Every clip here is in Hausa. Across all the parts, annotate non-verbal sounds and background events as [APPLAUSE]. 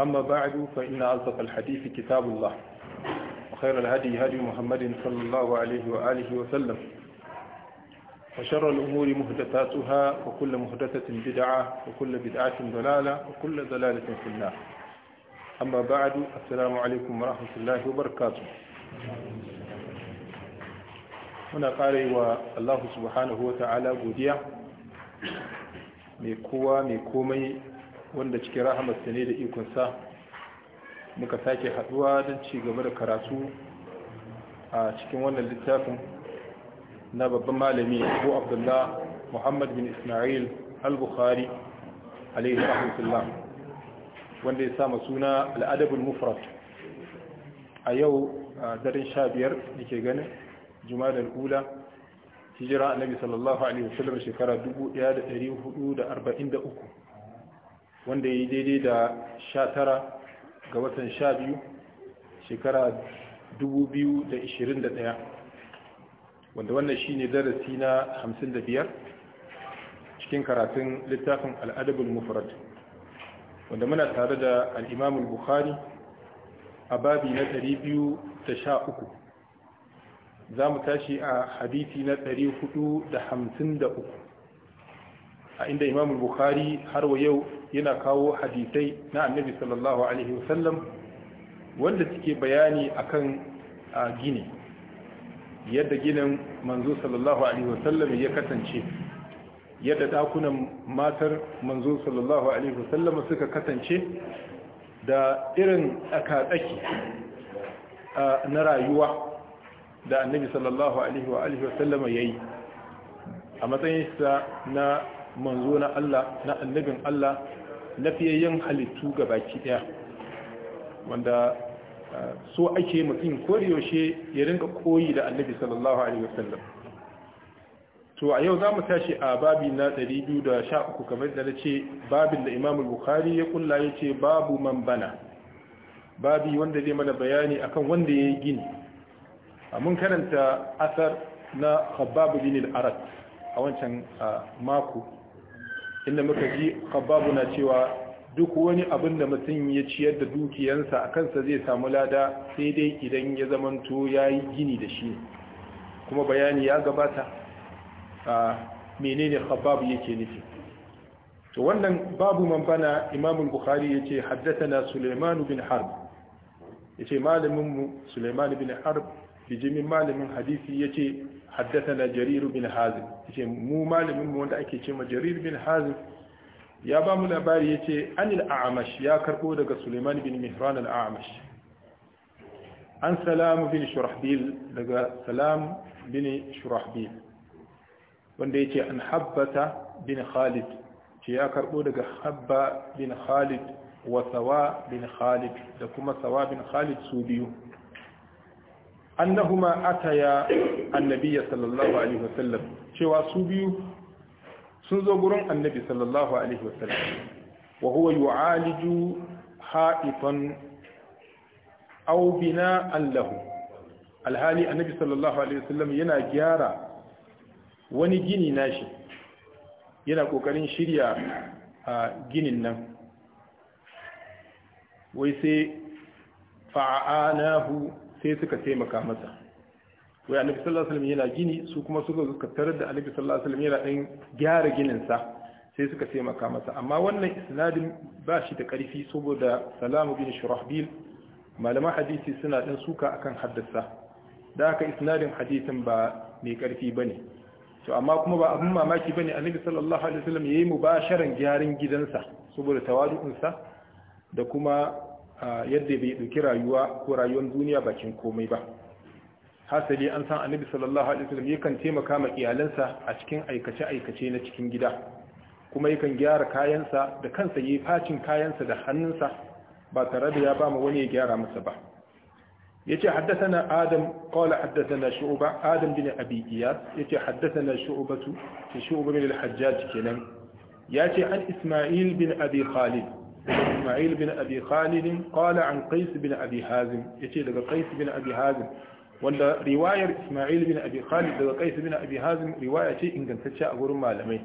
أما بعد فإن أصدق الحديث كتاب الله وخير الهدي هدي محمد صلى الله عليه وآله وسلم وشر الأمور مهدثاتها وكل مهدثة بدعة وكل بدعة ضلالة وكل ضلالة في النار أما بعد السلام عليكم ورحمة الله وبركاته muna ƙare wa Allah subhanahu wa ta'ala godiya mai kowa mai komai wanda cikin rahamarsa ne da ikonsa muka sake haduwa don ci gaba da karatu a cikin wannan littafin na babban malami abu abdullah muhammad bin ismail al-bukhari alaihi rahmatullah wanda ya sama suna al'adabul mufrad a yau a daren sha biyar da ke ganin juma'a da hijira annabi sallallahu alaihi wasallam shekara 1443 wanda ya yi daidai da 19 ga watan 12 shekara 2021 wanda wannan shi ne darasi na 55 cikin karatun littafin al'adabul mufrad wanda muna tare da al'imamul bukhari a babi na 213 za mu tashi a hadithi na 453 a inda imamul bukhari har wa yau yana kawo hadisai na annabi sallallahu alaihi wasallam wanda suke bayani akan gini yadda ginin manzo sallallahu alaihi wasallam ya kasance yadda dakunan matar manzo sallallahu alaihi wasallam suka kasance da irin tsakatsaki na rayuwa da annabi sallallahu alaihi wa alihi wasallam yayi a matsayinsa na manzo na Allah na annabin Allah na halittu ga baki ɗaya wanda so ake mutum yaushe ya rinka koyi da annabi sallallahu alaihi wasallam to a yau za mu tashi a babi na 213 kamar da na ce babin da imam bukhari ya kulla ya ce babu man bana babi wanda zai mana bayani akan wanda ya yi gini a mun karanta asar na khababu bin al-arat a wancan mako inda muka ji khababu na cewa duk wani abin da mutum ya ciyar da dukiyansa a kansa zai samu lada sai dai idan ya zamanto ya yi gini da shi kuma bayani ya gabata a menene khababu yake nufi to wannan babu man bana ya bukhari yace haddathana sulaiman bin harb yace malamin mu sulaiman bin harb bijimin malamin hadisi ya ce haddatana jariru bin hazim ce mu malamin mu wanda ake ma jariru bin hazim ya ba mu labari yace anil a'mash ya karbo daga suleiman bin mihran al an salamu bin shurahbil daga salam bin shurahbil wanda yace an habbata bin khalid ce ya karbo daga habba bin khalid wa sawa bin khalid da kuma sawa bin khalid su biyu annahuma ataya annabiyya sallallahu alaihi wasallam cewa su biyu sun zo gurin annabi sallallahu alaihi wasallam wa huwa yu'aliju haifan aw bina'an lahu alhali annabi sallallahu alaihi wasallam yana gyara wani gini nashi yana kokarin shirya a ginin nan wai sai fa'anahu sai suka taimaka masa wai annabi sallallahu alaihi wasallam yana gini su kuma suka suka tarar da annabi sallallahu alaihi wasallam yana dan gyara ginin sa sai suka taimaka masa amma wannan isnadin ba shi da karfi saboda salamu bin shurahbil malaman hadisi suna dan suka akan haddasa da haka isnadin hadisin ba mai karfi bane to amma kuma ba abun mamaki bane annabi sallallahu alaihi wasallam yayi mubasharan gyaran gidansa saboda tawadu'unsa da kuma yadda bai ɗauki rayuwa ko rayuwar duniya bakin komai ba hasali an san annabi sallallahu alaihi wasallam yakan taimaka ma iyalansa a cikin aikace aikace na cikin gida kuma yakan gyara kayansa da kansa yayi facin kayansa da hannunsa ba tare da ya ba wani ya gyara masa ba yace haddathana adam qala haddathana shu'ba adam bin abi iyas yace haddathana shu'batu shu'ba bin al-hajjaj kenan yace an isma'il bin abi khalid إسماعيل بن أبي خالد قال عن قيس بن أبي هازم يتي لغا قيس بن أبي هازم wanda riwayar Ismail bin Abi Khalid daga Qais bin Abi Hazim riwaya ce ingantacce a wurin malamai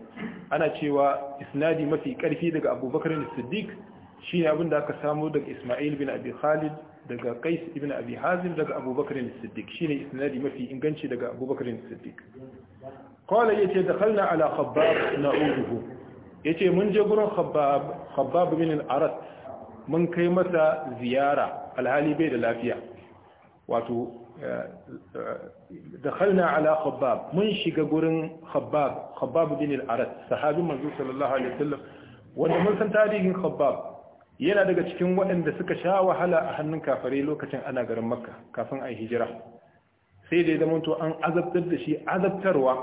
ana cewa isnadi mafi karfi daga Abu Bakar as-Siddiq shine abin da aka samu daga Ismail bin Abi Khalid daga Qais ibn Abi Hazim daga Abu Bakar as shine isnadi mafi inganci daga Abu Bakar as-Siddiq qala yace dakhalna ala ya ce mun je gurin khabbab min al'arat mun kai masa ziyara alhali bai da lafiya wato eh, eh, dakhalna ala khabbab mun shiga gurin khabab khabbab bin al-arat sahabin manzo sallallahu alaihi wasallam wanda mun san tarihin khabab yana daga cikin waɗanda suka sha wahala a hannun kafare lokacin ana garin makka kafin yi hijira sai da ya an azabtar da shi azabtarwa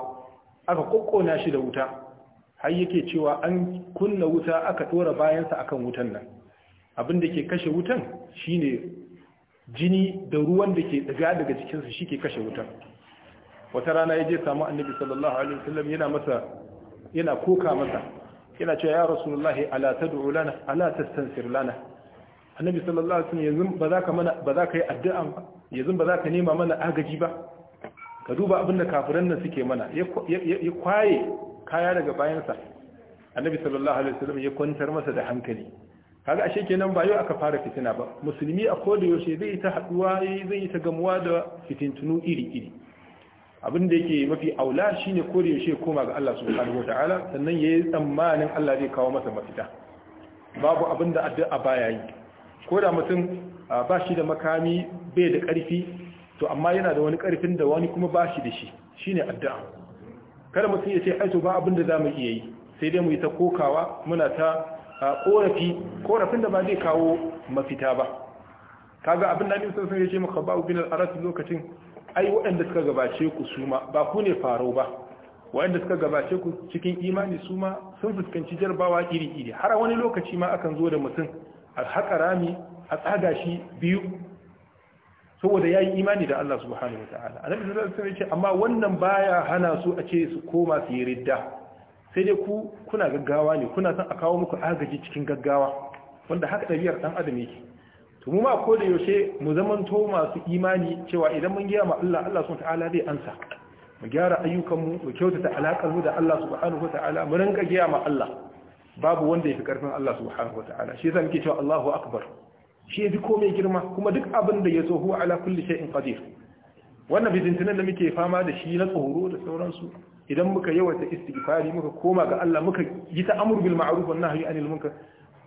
aka kokkona shi da wuta har yake cewa an kunna wuta aka ɗora bayansa akan wutan nan abin da ke kashe wutan shine jini da ruwan da ke daga daga cikinsa shi ke kashe wutan wata rana ya je samu annabi sallallahu alaihi wasallam yana masa yana koka masa yana cewa ya rasulullahi ala tad'u lana ala tastansir lana annabi sallallahu alaihi wasallam yanzu ba za ka mana ba za ka yi addu'a ba yanzu ba za ka nema mana agaji ba ka duba abin da kafiran nan suke mana ya kwaye kaya daga bayansa annabi sallallahu alaihi wasallam ya kwantar masa da hankali kaga ashe kenan ba yau aka fara fitina ba musulmi a koda yaushe zai ta haduwa zai ta gamuwa da fitintunu iri iri abin da yake mafi aula shine koda yaushe koma ga Allah subhanahu wataala sannan yayi tsammanin Allah zai kawo masa mafita babu abin da addu'a baya yi koda mutum ba shi da makami bai da karfi to amma yana da wani karfin da wani kuma ba shi da shi shine addu'a kada mutum ya ce aito ba abin da za mu iya yi sai dai mu yi ta kokawa muna ta korafi korafin da ba zai kawo mafita ba kaga abin da Annabi sallallahu alaihi wasallam ya ce maka ba bin al-aras lokacin ai waɗanda suka gabace ku suma ba ku ne faro ba waɗanda suka gabace ku cikin imani suma sun fuskanci jarbawa iri-iri har wani lokaci ma akan zo da mutum a haƙa rami a tsaga shi biyu saboda yi imani da Allah subhanahu wataala annabi sallallahu alaihi wasallam ce amma wannan baya hana su a ce su koma su yi ridda sai dai ku kuna gaggawa ne kuna san a kawo muku agaji cikin gaggawa wanda haka ɗabi'ar ɗan adam yake to mu ma ko da yaushe mu zamanto masu imani cewa idan mun gaya ma Allah Allah subhanahu zai ansa mu gyara ayyukanmu mu kyautata alakarmu mu da Allah subhanahu ta'ala mu rinka gaya ma Allah babu wanda fi karfin Allah subhanahu ta'ala shi yasa muke cewa Allahu akbar shi yafi komai girma kuma duk abin da ya zo huwa ala kulli shay'in qadir wannan bizintinan da muke fama da shi na tsoro da sauransu idan muka yawaita istighfari muka koma ga Allah muka yi ta amru bil ma'ruf wan nahyi anil munkar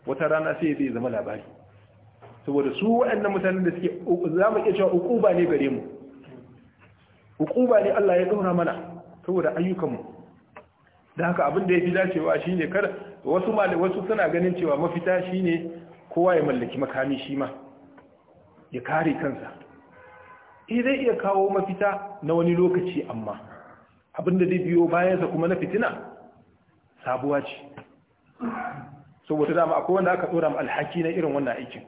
wata rana sai zai zama labari saboda su waɗannan mutanen da suke za mu iya cewa uquba ne gare mu uquba ne Allah ya dora mana saboda ayyukanmu da haka abin da yafi dacewa shine kar wasu wasu suna ganin cewa mafita shine kowa ya mallaki makami shi ma ya kare kansa eh zai iya kawo mafita na wani lokaci amma abinda zai biyo bayansa kuma na fitina sabuwa ce saboda dama akwai wanda aka tsoron alhaki na irin wannan aikin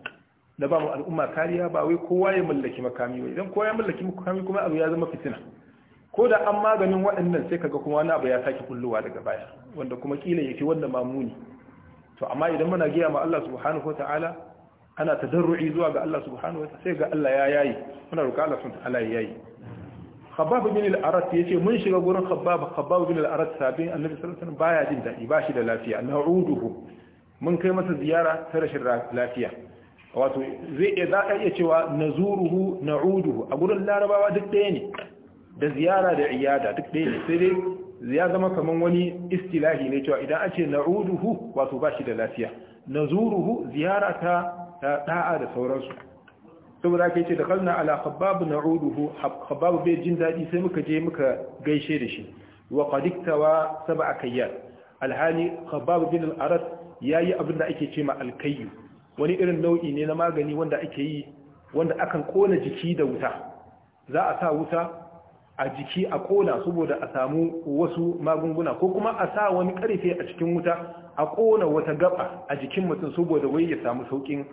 na ba mu al'umma kariya ba wai kowa ya mallaki makami ba idan kowa ya mallaki makami kuma abu ya zama fitina ko da an maganin waɗannan sai kaga kuma wani abu ya sake kullowa daga baya wanda kuma kila fi wanda ma muni to amma idan muna giya ma Allah subhanahu wataala ana tadarru'i zuwa ga Allah subhanahu wataala sai ga Allah ya yayi muna roƙa Allah subhanahu wataala ya yayi khabbab bin al-arat yace mun shiga gurin khabbab khabbab bin al-arat sabin annabi sallallahu alaihi wasallam baya jin dadi shi da lafiya na'uduhu mun kai masa ziyara ta rashin lafiya wato zai iya za ka iya cewa nazuruhu na'uduhu a gurin larabawa duk ɗaya ne da ziyara da iyada duk ɗaya ne sai dai ya zama kaman wani istilahi ne cewa idan ake na'uduhu wato ba shi da lafiya nazuruhu ziyara ta da'a da sauransu saboda ake ce da kalna ala khabbab na'uduhu khabbab bai jin daɗi sai muka je muka gaishe da shi wa qad saba sab'a kayyat alhali habab bin al ya yi abin da ake ce ma al wani irin nau'i ne na magani wanda ake yi wanda akan kona jiki da wuta za a sa wuta a jiki a ƙona saboda a samu wasu magunguna ko kuma a sa wani karfe a cikin wuta a ƙona wata gaba a jikin mutum saboda wai ya samu saukin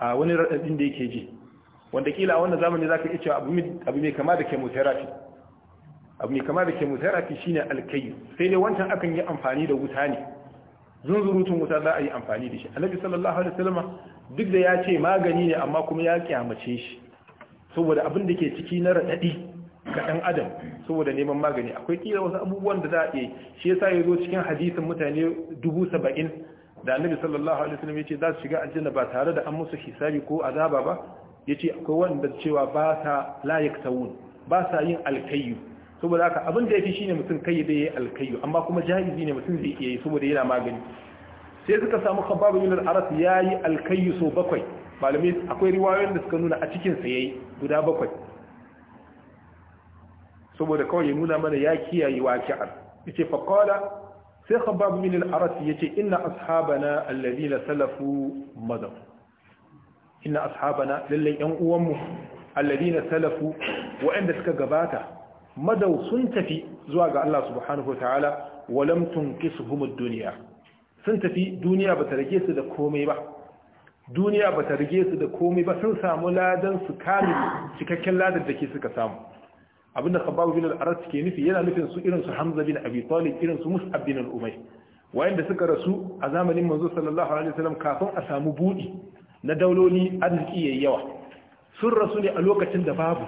a wani raɗaɗin da yake ji wanda kila a wannan zamani za ka iya cewa abu mai kama da chemotherapy abu mai kama da chemotherapy shine alkayi sai dai wancan akan yi amfani da wuta ne zunzurutun wuta za a yi amfani da shi annabi sallallahu alaihi wasallam duk da ya ce magani ne amma kuma ya kyamace shi saboda abin da ke ciki na raɗaɗi ga ɗan adam saboda neman magani akwai kira wasu abubuwan da za a iya shi ya sa ya zo cikin hadisin mutane dubu saba'in da annabi sallallahu alaihi wasallam ce za su shiga aljanna ba tare da an musu hisabi ko azaba ba ya ce akwai wanda cewa ba sa layak tawun ba sa yin alkayyu saboda haka abin da ya fi shine mutum kai da ya yi alkayyu amma kuma jahizi ne mutum zai iya yi saboda yana magani sai suka samu khabbab bin al-aras yayi alkayyu so bakwai malamai akwai riwayoyin da suka nuna a cikin sa yayi guda bakwai saboda kawai ya nuna mana ya kiyaye wakiar yace fa qala sai khabbab min al-aras yace inna ashabana alladhina salafu madaw inna ashabana lalle yan uwanmu alladhina salafu wa'anda suka gabata madaw sun tafi zuwa ga Allah subhanahu wataala wa lam tunqisuhum ad-dunya sun tafi duniya bata rage su da komai ba duniya bata rage su da komai ba sun samu ladan su kamil cikakken ladan da ke suka samu abinda khabbab bin al-arat ke nufi yana nufin su irin su hamza bin abi talib irin su mus'ab bin al-umayr wayanda suka rasu a zamanin manzo sallallahu alaihi wasallam kafin a samu budi na dauloli arziki yayi yawa sun rasu ne a lokacin da babu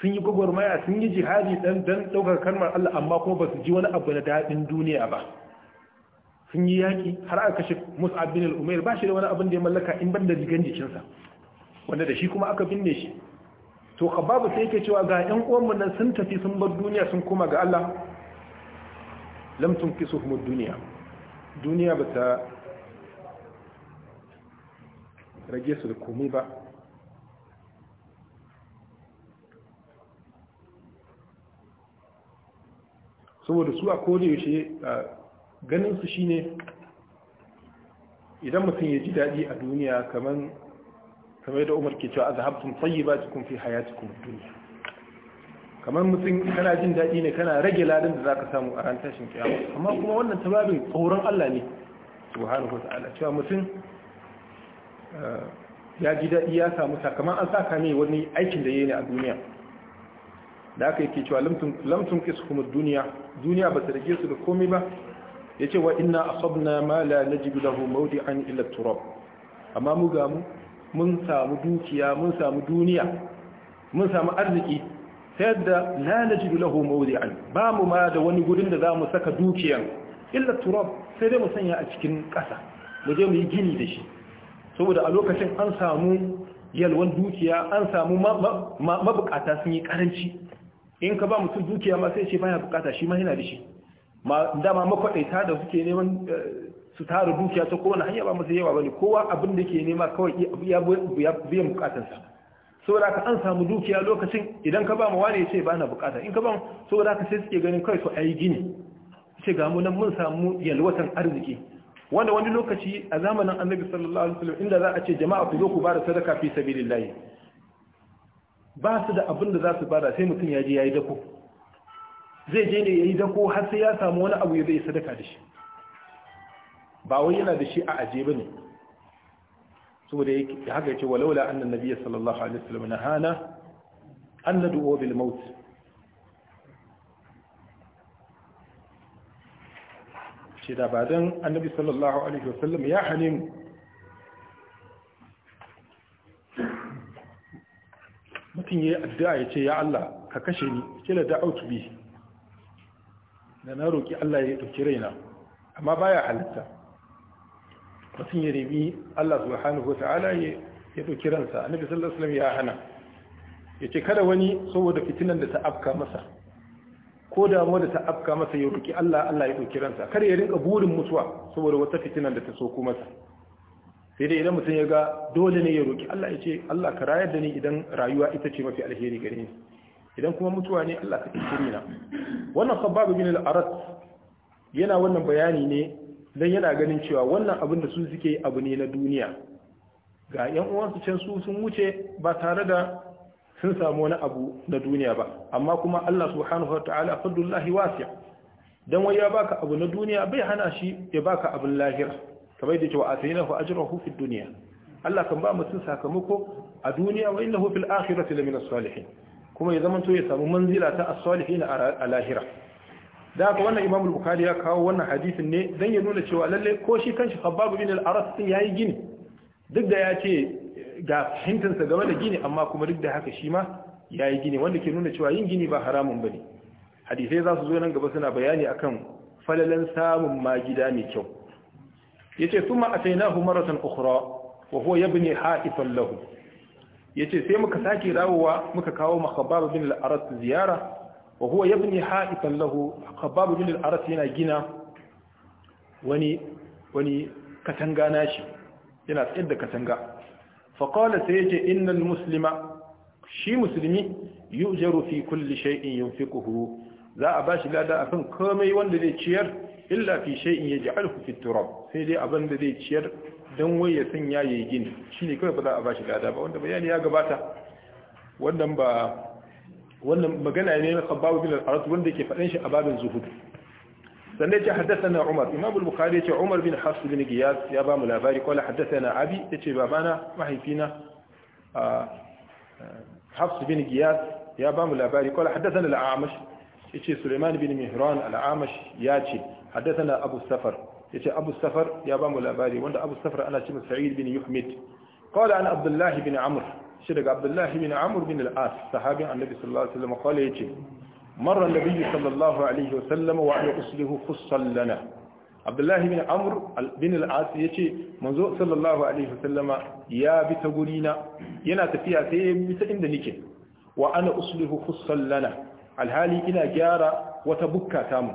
sun yi gwagwarmaya sun yi jihadi dan dan daukar kalmar Allah amma kuma ba su ji wani abu na dadin duniya ba sun yi yaki har aka kashe Mus'ab bin al-Umair ba shi da wani abin da ya mallaka in ban da jigan jikinsa wanda da shi kuma aka binne shi to babu sai yake cewa ga ƴan uwanmu nan sun tafi sun bar duniya sun koma ga Allah lam tunkisuhum ad-dunya duniya ba ta rage su da komai ba saboda su a koda yaushe ganin su shine idan mutum ya ji daɗi a duniya kamar kamar yadda umar ke cewa azhabtum tayyibatukum fi hayatikum duniya kamar mutum kana jin daɗi ne kana rage ladan da zaka samu a ran tashin kiyama amma kuma wannan tababin tsoron Allah ne subhanahu wataala cewa mutum eh, ya ji daɗi ya samu sakamakon an saka ne wani aikin da yi ne a duniya da aka yake cewa lamtun kuma duniya duniya ba ta rage su da komai ba ya ce wa ina asabna ma la najibu lahu mawdi'an illa turab amma mu ga mu mun samu dukiya mun samu duniya mun samu arziki sai da la najidu lahu mawdi'an ba mu ma da wani gurin da zamu saka dukiyan illa turab sai dai mu sanya a cikin kasa mu je mu yi gini da shi saboda a lokacin an samu yalwan dukiya an samu mabukata sun yi karanci in ka ba mutum dukiya ma sai ce baya bukata shi ma yana da shi ma dama makwaɗaita da suke neman eh, su tara dukiya ta kowane hanya ba masu yawa bane kowa abin da ke nema kawai ya biyan bukatansa saboda ka an samu dukiya lokacin idan ka ba mu wani ya ce ba na bukata in ka ba saboda ka sai suke ganin kai to ayi gini ce ga mu nan mun samu yalwatan arziki wanda wani lokaci a zamanin annabi sallallahu alaihi wasallam inda za a ce jama'a ku zo ku bada sadaka fi sabilillahi ba su da abin da za su bada sai mutum ya je yayi dako zai je ne yayi dako har sai ya samu wani abu ya zai sadaka da shi ba wai yana da shi a aje ba ne. bane saboda haka ce yace walaula annan nabiy sallallahu alaihi wasallam nahana an nad'u bil maut ce da ba dan annabi sallallahu alaihi wasallam ya hane Mutum ya yi addu'a ya ce ya Allah ka kashe ni kila da'autu bi da na roƙi Allah ya ɗauki raina amma baya halitta mutum ya ribi Allah subhanahu wa ta'ala ya ɗauki ransa annabi sallallahu alaihi ya hana ya ce kada wani saboda fitinan da ta afka masa ko damuwa da ta afka masa ya roki Allah Allah ya ɗauki ransa kada ya rinka burin mutuwa saboda wata fitinan da ta soko masa sai dai idan mutum ya ga dole ne ya roki Allah ya ce Allah ka rayar da ni idan rayuwa ita ce mafi alheri gare ni idan kuma mutuwa ne Allah ka tsare ni wannan sababu bin al-arat yana wannan bayani ne dan yana ganin cewa wannan abin da su suke abu ne na duniya ga yan uwansu can su sun wuce ba tare da sun samu wani abu na duniya ba amma kuma Allah subhanahu wataala fadlullahi wasi' dan wai ya baka abu na duniya bai hana shi ya baka abin lahira kamar da cewa ataynahu ajrahu fid dunya Allah kan ba mutum sakamako a duniya wa innahu fil akhirati lamina salihin kuma ya zamanto ya samu manzila ta as-salihin a lahira da haka wannan imamul bukhari ya kawo wannan hadisin ne dan ya nuna cewa lalle ko shi kanshi khabbab bin al-aras din yayi gini duk da ya ce ga fahimtansa game da gini amma kuma duk da haka shi ma yayi gini wanda ke nuna cewa yin gini ba haramun bane hadisai za su zo nan gaba suna bayani akan falalan samun magida mai kyau yace thumma atainahu maratan ukhra wa huwa yabni ha'ifan lahu yace sai muka sake rawowa muka kawo makhabbab bin al-aras ziyara wa huwa yabni haifan lahu khabbab bin al-aras yana gina wani wani katanga nashi yana tsayar da katanga fa qala sai yace innal shi musulmi yujaru fi kulli shay'in kuhu. za a bashi lada akan komai wanda zai ciyar illa fi ya yaj'aluhu fi turab sai dai abinda zai ciyar dan wai ya sanya yayi gini shine kawai ba za a bashi lada ba wanda bayani ya gabata wannan ba wannan magana ne na khabbab bin al-arat wanda ke faɗin shi a babin zuhud sannan ya haddathana umar imam al-bukhari yace umar bin hafs bin giyas ya ba mu labari qala haddathana abi yace babana mahaifina hafs bin giyas ya ba mu labari qala haddathana al-a'mash yace suleiman bin mihran al-a'mash yace haddathana abu safar yace abu safar ya ba mu labari wanda abu safar ana cewa sa'id bin yuhmid qala an abdullah bin amr shi daga abdullahi bin amur bin al sahabin annabi sallallahu alaihi wasallam ce marar marra nabiyyu sallallahu alaihi wasallam wa ana usulihu khussan lana abdullahi bin amur bin al'as ya ce manzo sallallahu alaihi wasallam ya bi ta gurina yana tafiya sai ya bi ta inda nake wa ana usulihu khussan lana alhali ina gyara wata bukka ta mu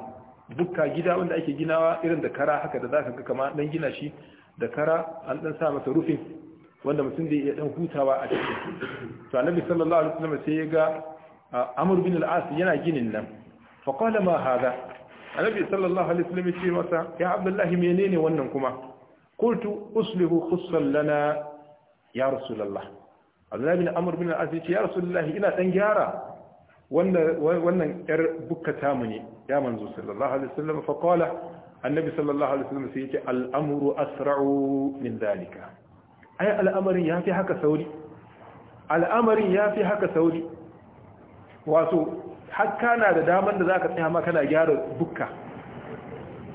bukka gida wanda ake ginawa irin da kara haka da zaka ga kama dan gina shi da kara an dan sa masa rufin wanda mutum da ya dan hutawa a cikin to annabi sallallahu alaihi wasallam sai ya ga amr bin al-as yana ginin nan fa qala ma hada annabi sallallahu alaihi wasallam ya ce masa ya abdullahi menene wannan kuma qultu uslihu khussan lana ya rasulullah abdullahi bin amr bin al-as ya ce ya rasulullah ina dan gyara wannan yar bukata mu ne ya manzo sallallahu alaihi wasallam fa qala annabi sallallahu alaihi wasallam sai ya ce al-amru asra'u min dhalika ai al'amarin ya fi haka sauri al'amarin ya fi haka sauri wato haka na da daman da za ka tsaya maka na gyara bukka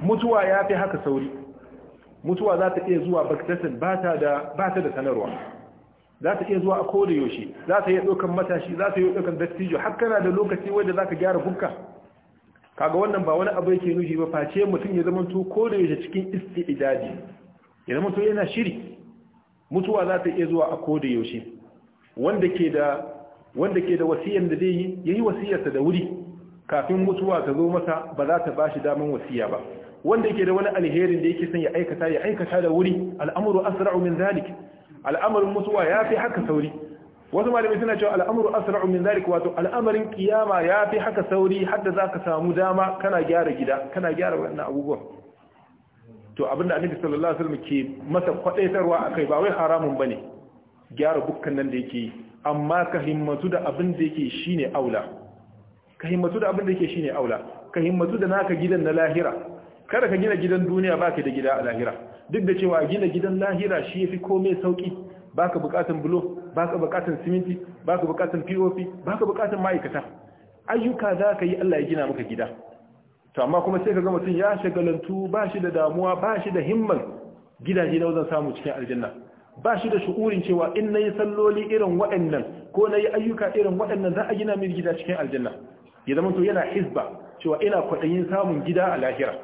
mutuwa ya fi haka sauri mutuwa za ta iya zuwa baktasin ba ta da sanarwa za ta iya zuwa a koda yaushe za ta iya ɗaukan matashi za ta iya ɗaukan dattijo haka na da lokaci wanda za ka gyara bukka kaga wannan ba wani abu yake nufi ba face mutum ya zama to koda yaushe cikin idadi, ya zama to yana shiri mutuwa za ta iya zuwa a koda yaushe wanda ke da wanda ke da wasiyan da zai yi yi wasiyarsa da wuri kafin mutuwa ta zo masa ba za ta bashi daman wasiya ba wanda ke da wani alherin da yake son ya aikata ya aikata da wuri al'amuru asra'u min zalik al'amarin mutuwa ya fi haka sauri wasu malamai suna cewa al'amuru asra'u min zalik wato al'amarin kiyama ya fi haka sauri hadda za ka samu dama kana gyara gida kana gyara wannan abubuwan to abinda annabi sallallahu alaihi wasallam ke masa kwadaitarwa akai ba wai haramun bane gyara bukkan nan da yake amma ka himmatu da abin da yake shine aula ka himmatu da abin da yake shine aula ka himmatu da naka gidan na lahira kada ka gina gidan duniya baka da gida a lahira duk da cewa gina gidan lahira shi yafi komai sauki baka bukatun bulo baka bukatun siminti baka bukatun POP baka bukatun ma'aikata ayyuka za ka yi Allah ya gina maka gida to amma kuma sai kaga mutum ya shagalantu ba shi da damuwa ba shi da himman gidaje na wajen samu cikin aljanna ba shi da shukurin cewa in na yi salloli irin waɗannan ko na yi ayyuka irin waɗannan za a gina min gida cikin aljanna ya zama to yana hizba cewa ina kwaɗayin samun gida a lahira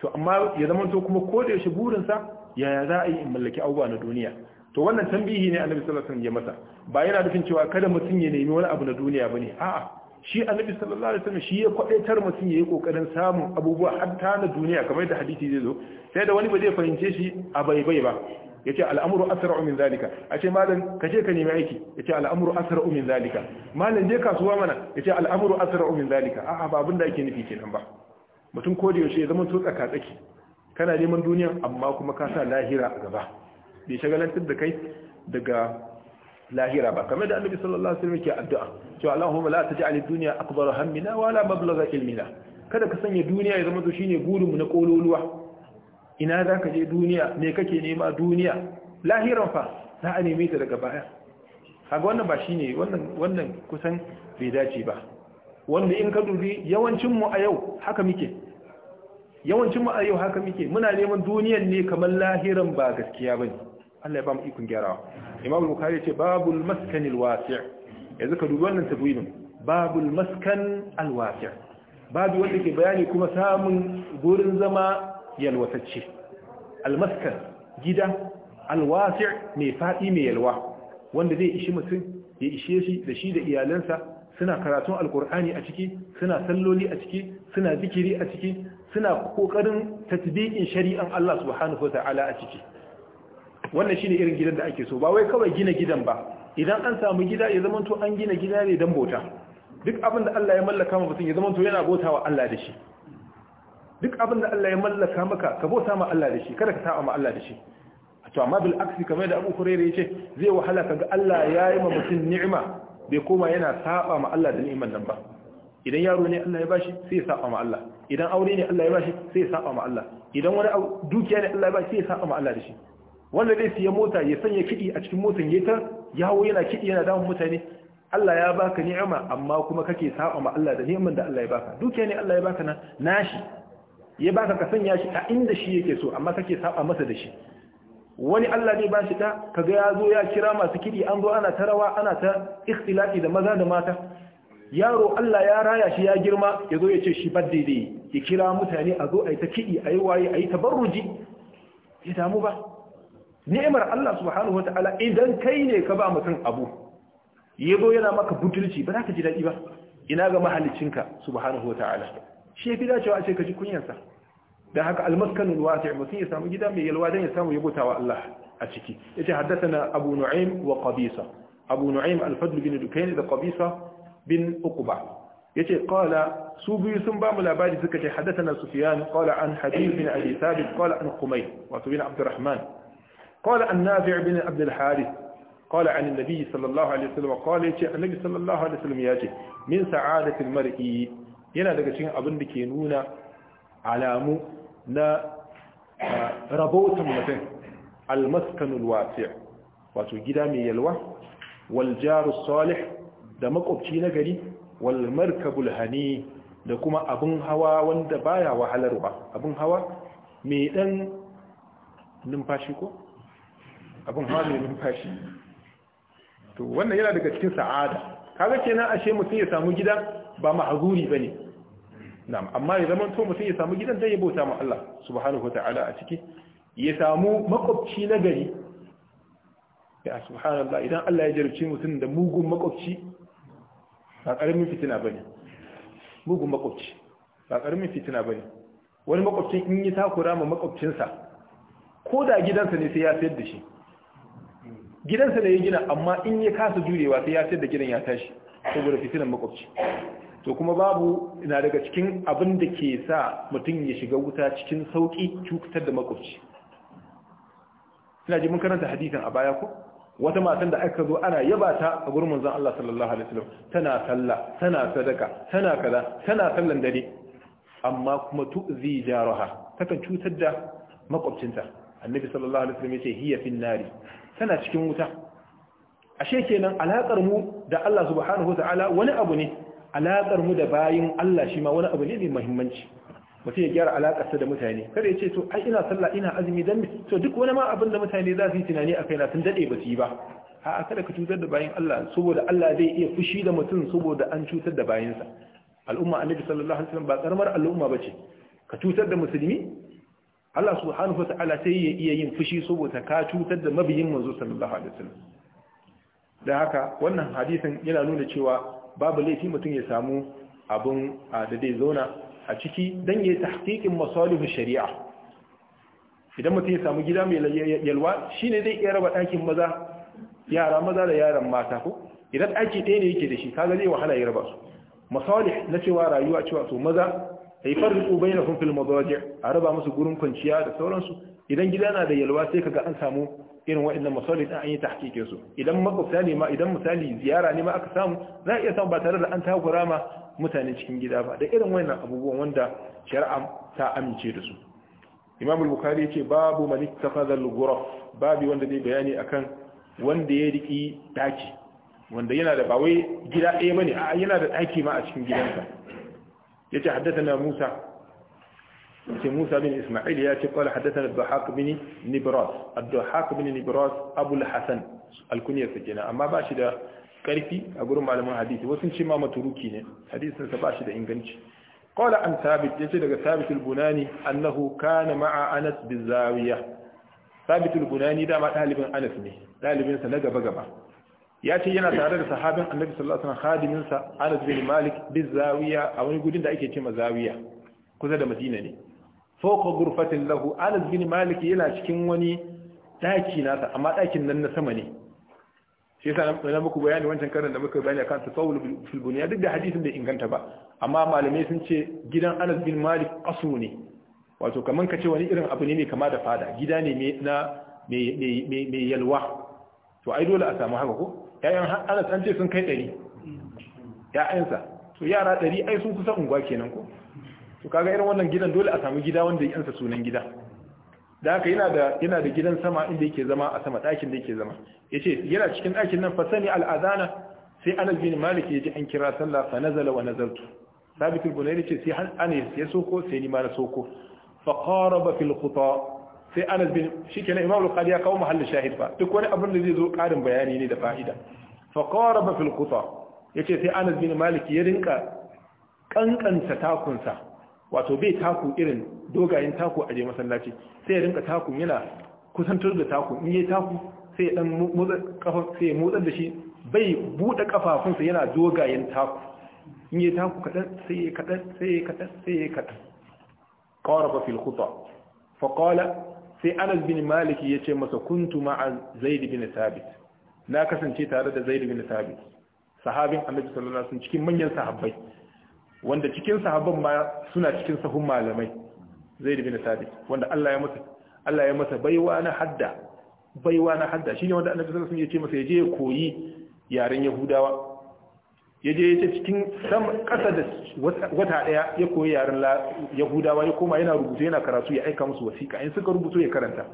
to amma ya zama to kuma ko da yaushe burinsa yaya za a yi in mallaki abubuwa na duniya to wannan tambihi ne annabi sallallahu alaihi wasallam ya masa ba yana nufin cewa kada mutum ya nemi wani abu na duniya bane a'a shi annabi sallallahu alaihi wasallam shi ya kwadaitar mutum yayi kokarin samun abubuwa hatta na duniya kamar da hadisi zai zo sai da wani ba zai fahimce shi a baibai ba yace al'amru asra'u min zalika ce malam ka ka nemi aiki yace al'amru asra'u min zalika malam je kasuwa mana yace al'amru asra'u min zalika a'a ba abin da ake nufi kenan ba mutum ko da yaushe ya zama to tsaka tsaki kana neman duniya amma kuma ka sa lahira a gaba bai shagalantar da kai daga lahira ba kamar da annabi sallallahu alaihi wasallam ke addu'a cewa Allahumma la taj'al dunya akbar hammina la mablagha ilmina kada ka sanya duniya ya zama to shine gurin mu na kololuwa ina zaka je duniya me kake nema duniya lahiran fa za a neme ta daga baya kaga wannan ba shine wannan wannan kusan bai dace ba wanda in ka dubi yawancin mu a yau haka muke yawancin mu a yau haka muke muna neman duniyar ne kamar lahiran ba gaskiya bane Allah ya ba mu ikon gyarawa Imam Bukhari ce babul maskanil wasi' yanzu ka dubi wannan tabwinin babul maskan al babu wanda ke bayani kuma samun gurin zama yalwatacce al gida al wasi' mai fadi mai yalwa wanda zai ishi mutum ya ishe shi da shi da iyalansa suna karatun alkur'ani a ciki suna salloli a ciki suna zikiri a ciki suna kokarin tatbiqin shari'an Allah subhanahu wa ta'ala a ciki wannan shi ne irin gidan da ake so ba wai kawai gina gidan ba idan an samu gida ya zama an gina gida ne dan bauta duk abin da Allah ya mallaka maka mutum ya zama to yana bautawa Allah da shi duk abin da Allah ya mallaka maka ka bauta ma Allah da shi kada ka saba ma Allah da shi to amma bil aksi kamar da Abu Hurairah yace zai wahala kaga Allah ya yi ma mutum ni'ima bai koma yana saba ma Allah da ni'iman nan ba idan yaro ne Allah ya bashi sai ya saba ma Allah idan aure ne Allah ya bashi sai ya saba ma Allah idan wani dukiya ne Allah ya bashi sai ya saba ma Allah da shi wanda zai siya mota ya sanya kiɗi a cikin motan ya ta yawo yana kiɗi yana damun mutane Allah ya baka ni'ima amma kuma kake saba ma Allah da ni'imar da Allah ya baka duke ne Allah ya baka na nashi ya baka ka sanya shi a inda shi yake so amma kake saba masa da shi wani Allah ne ba shi da kaga ya zo ya kira masu kiɗi an zo ana ta rawa ana ta ikhtilafi da maza da mata yaro Allah ya raya shi ya girma ya zo ya ce shi ba daidai ya kira mutane a zo a yi ta kiɗi a yi waye a yi tabarruji ya damu ba ni'imar Allah subhanahu wata'ala idan kai ne ka ba mutum abu yabo yana maka butulci ba za ka ji daɗi ba ina ga mahalicinka subhanahu wata'ala shi yafi dacewa a ce ka ji kunyarsa da haka almaskanul wasi' mutum ya samu gida mai yalwa dan ya samu yabotawa Allah a ciki yace na abu nu'aym wa qabisa abu nu'aym al bin dukayn da qabisa bin uqba yace qala su biyu sun ba mu labari suka ce na sufyan qala an hadith bin abi thabit qala an kumai wa bin abdurrahman قال النافع بن عبد الحارث قال عن النبي صلى الله عليه وسلم قال يجي النبي صلى الله عليه وسلم يجي من سعادة المرء yana daga cikin abin da ke nuna alamu na rabautan mutum almaskanul wasi' wato gida mai yalwa wal jaru salih da makwabci na gari wal markabul hani da kuma abin hawa wanda baya wahalarwa abin hawa mai dan numfashi ko abin hawa mun numfashi to wannan yana daga cikin sa'ada kaga kenan ashe mutum ya samu gida ba mahzuri bane na'am amma ya zama to mutum ya samu gidan dan ya bauta ma Allah subhanahu wataala a ciki ya samu makwabci na gari ya subhanallah idan Allah ya jarabci mutum da mugun makwabci ba karamin fitina bane mugun makwabci ba karamin fitina bane wani makwabcin in yi takura ma makwabcinsa ko da gidansa ne sai ya sayar da shi gidansa da ya gina amma in ya kasa jurewa sai ya sayar da gidan ya tashi saboda fitinan makwabci to kuma babu na daga cikin abin da ke sa mutum ya shiga wuta cikin sauki cutar da makwabci ina ji mun karanta hadisin a baya ko wata matan da aka zo ana yaba ta a gurin manzon Allah sallallahu alaihi wasallam tana sallah tana sadaka tana kaza tana sallan dare amma kuma tu'zi jaraha takan cutar da makwabcinta annabi sallallahu alaihi wasallam yace hiya fin nari tana cikin wuta ashe kenan alaƙar mu da Allah subhanahu wata'ala wani abu ne alaƙar mu da bayin Allah shi ma wani abu ne mai muhimmanci mutum ya gyara alaƙarsa da mutane kada ya ce to ai ina sallah ina azumi dan to duk wani ma abin da mutane za su yi tunani a kaina sun dade ba su yi ba a'a kada ka cutar da bayin Allah saboda Allah zai iya fushi da mutum saboda an cutar da bayinsa al'umma annabi sallallahu alaihi wasallam ba karamar al'umma bace ka cutar da musulmi Allah subhanahu wata'ala sai ya iya yin fushi saboda ka cutar da mabiyin manzo sallallahu alaihi wasallam da haka wannan hadisin yana nuna cewa babu laifi mutum ya samu abun da zai zauna a ciki dan yayi tahqiqin masalihu shari'a idan mutum ya samu gida mai yalwa shine zai iya raba ɗakin maza yara maza da yaran mata ko idan ɗaki ɗaya ne yake da shi kaga zai wahala ya raba su masalih na cewa rayuwa cewa to maza fa yufarriqu na fil madaji' a raba musu gurin kwanciya da sauransu idan gida na da yalwa sai kaga an samu irin waɗannan masalin an yi tahqiqe su idan makwabta ne ma idan misali ziyara ne ma aka samu za a iya samu ba tare da an takura ma mutane cikin gida ba da irin wannan abubuwan wanda shari'a ta amince da su imam al-bukhari ce babu man ittakhadha al-ghuraf babu wanda zai bayani akan wanda ya riki daki wanda yana da ba wai gida ɗaya bane a yana da daki ma a cikin gidansa yace haddathana Musa yace Musa bin Isma'il yace qala haddathana Dhahak bin Nibras Ad-Dhahak bin Nibras Abu al-Hasan al-Kunya amma ba shi da karfi a gurin malaman hadisi wasu cin ma maturuki ne hadisin sa ba shi da inganci qala an thabit yace daga thabit al-Bunani annahu kana ma'a Anas bi Zawiya thabit al-Bunani dama dalibin Anas ne dalibin sa na gaba gaba ya ce yana tare da sahabin annabi sallallahu alaihi wasallam khadimin sa Anas bin Malik bin Zawiya a wani gudun da ake cewa Zawiya kusa da Madina ne fawqa ghurfatin lahu Anas bin Malik yana cikin wani daki nasa amma dakin nan na sama ne shi yasa na muku bayani wancan karin da muka bayani akan tafawul fil bunya duk da hadisin bai inganta ba amma malamai sun ce gidan Anas bin Malik asu ne wato kaman ka ce wani irin abu ne ne kama da fada gida ne mai na mai yalwa to ai dole a samu haka ko yayan anas san ce sun kai ɗari ya'yansa to yara ɗari ai sun kusa unguwa kenan ko to kaga irin wannan gidan dole a samu gida wanda yansa sunan gida da haka yana da yana da gidan sama inda yake zama a sama dakin da yake zama yace yana cikin ɗakin nan fasani al'adana sai anas bin malik yaji an kira sallah fa nazala wa nazaltu sabitul bunayri ce sai an ya soko sai ni ma na soko fa qaraba fil khuta sai anas bin shikenan imam al-qadi ya kawo mahallin shahid fa duk wani abin da zai zo karin bayani ne da fa'ida fa qaraba fil qufa yace sai anas bin malik ya rinka kankanta takunsa wato bai taku irin dogayen taku a je masallaci sai ya rinka taku yana kusantar da taku in yayi taku sai dan motsa kafa sai motsar da shi bai bude kafafunsa yana dogayen taku in yayi taku kadan sai ya kadan sai ya kadan sai ya kadan qaraba fil qufa فقال sai anas bin maliki ya ce masa kuntu ma'a zaid bin sabit na kasance tare da zaid bin sabit sahabin annabi sallallahu alaihi wasallam cikin manyan sahabbai wanda cikin sahabban ma suna cikin sahun malamai zaid bin sabit wanda Allah ya masa Allah ya masa baiwa na hadda baiwa na hadda shine wanda annabi sallallahu alaihi wasallam ya ce masa ya je koyi yaren yahudawa ya je ya cikin sam kasa da wata daya ya koyi yaren yahudawa ya koma yana rubutu yana karatu ya aika musu wasiƙa in suka rubutu ya karanta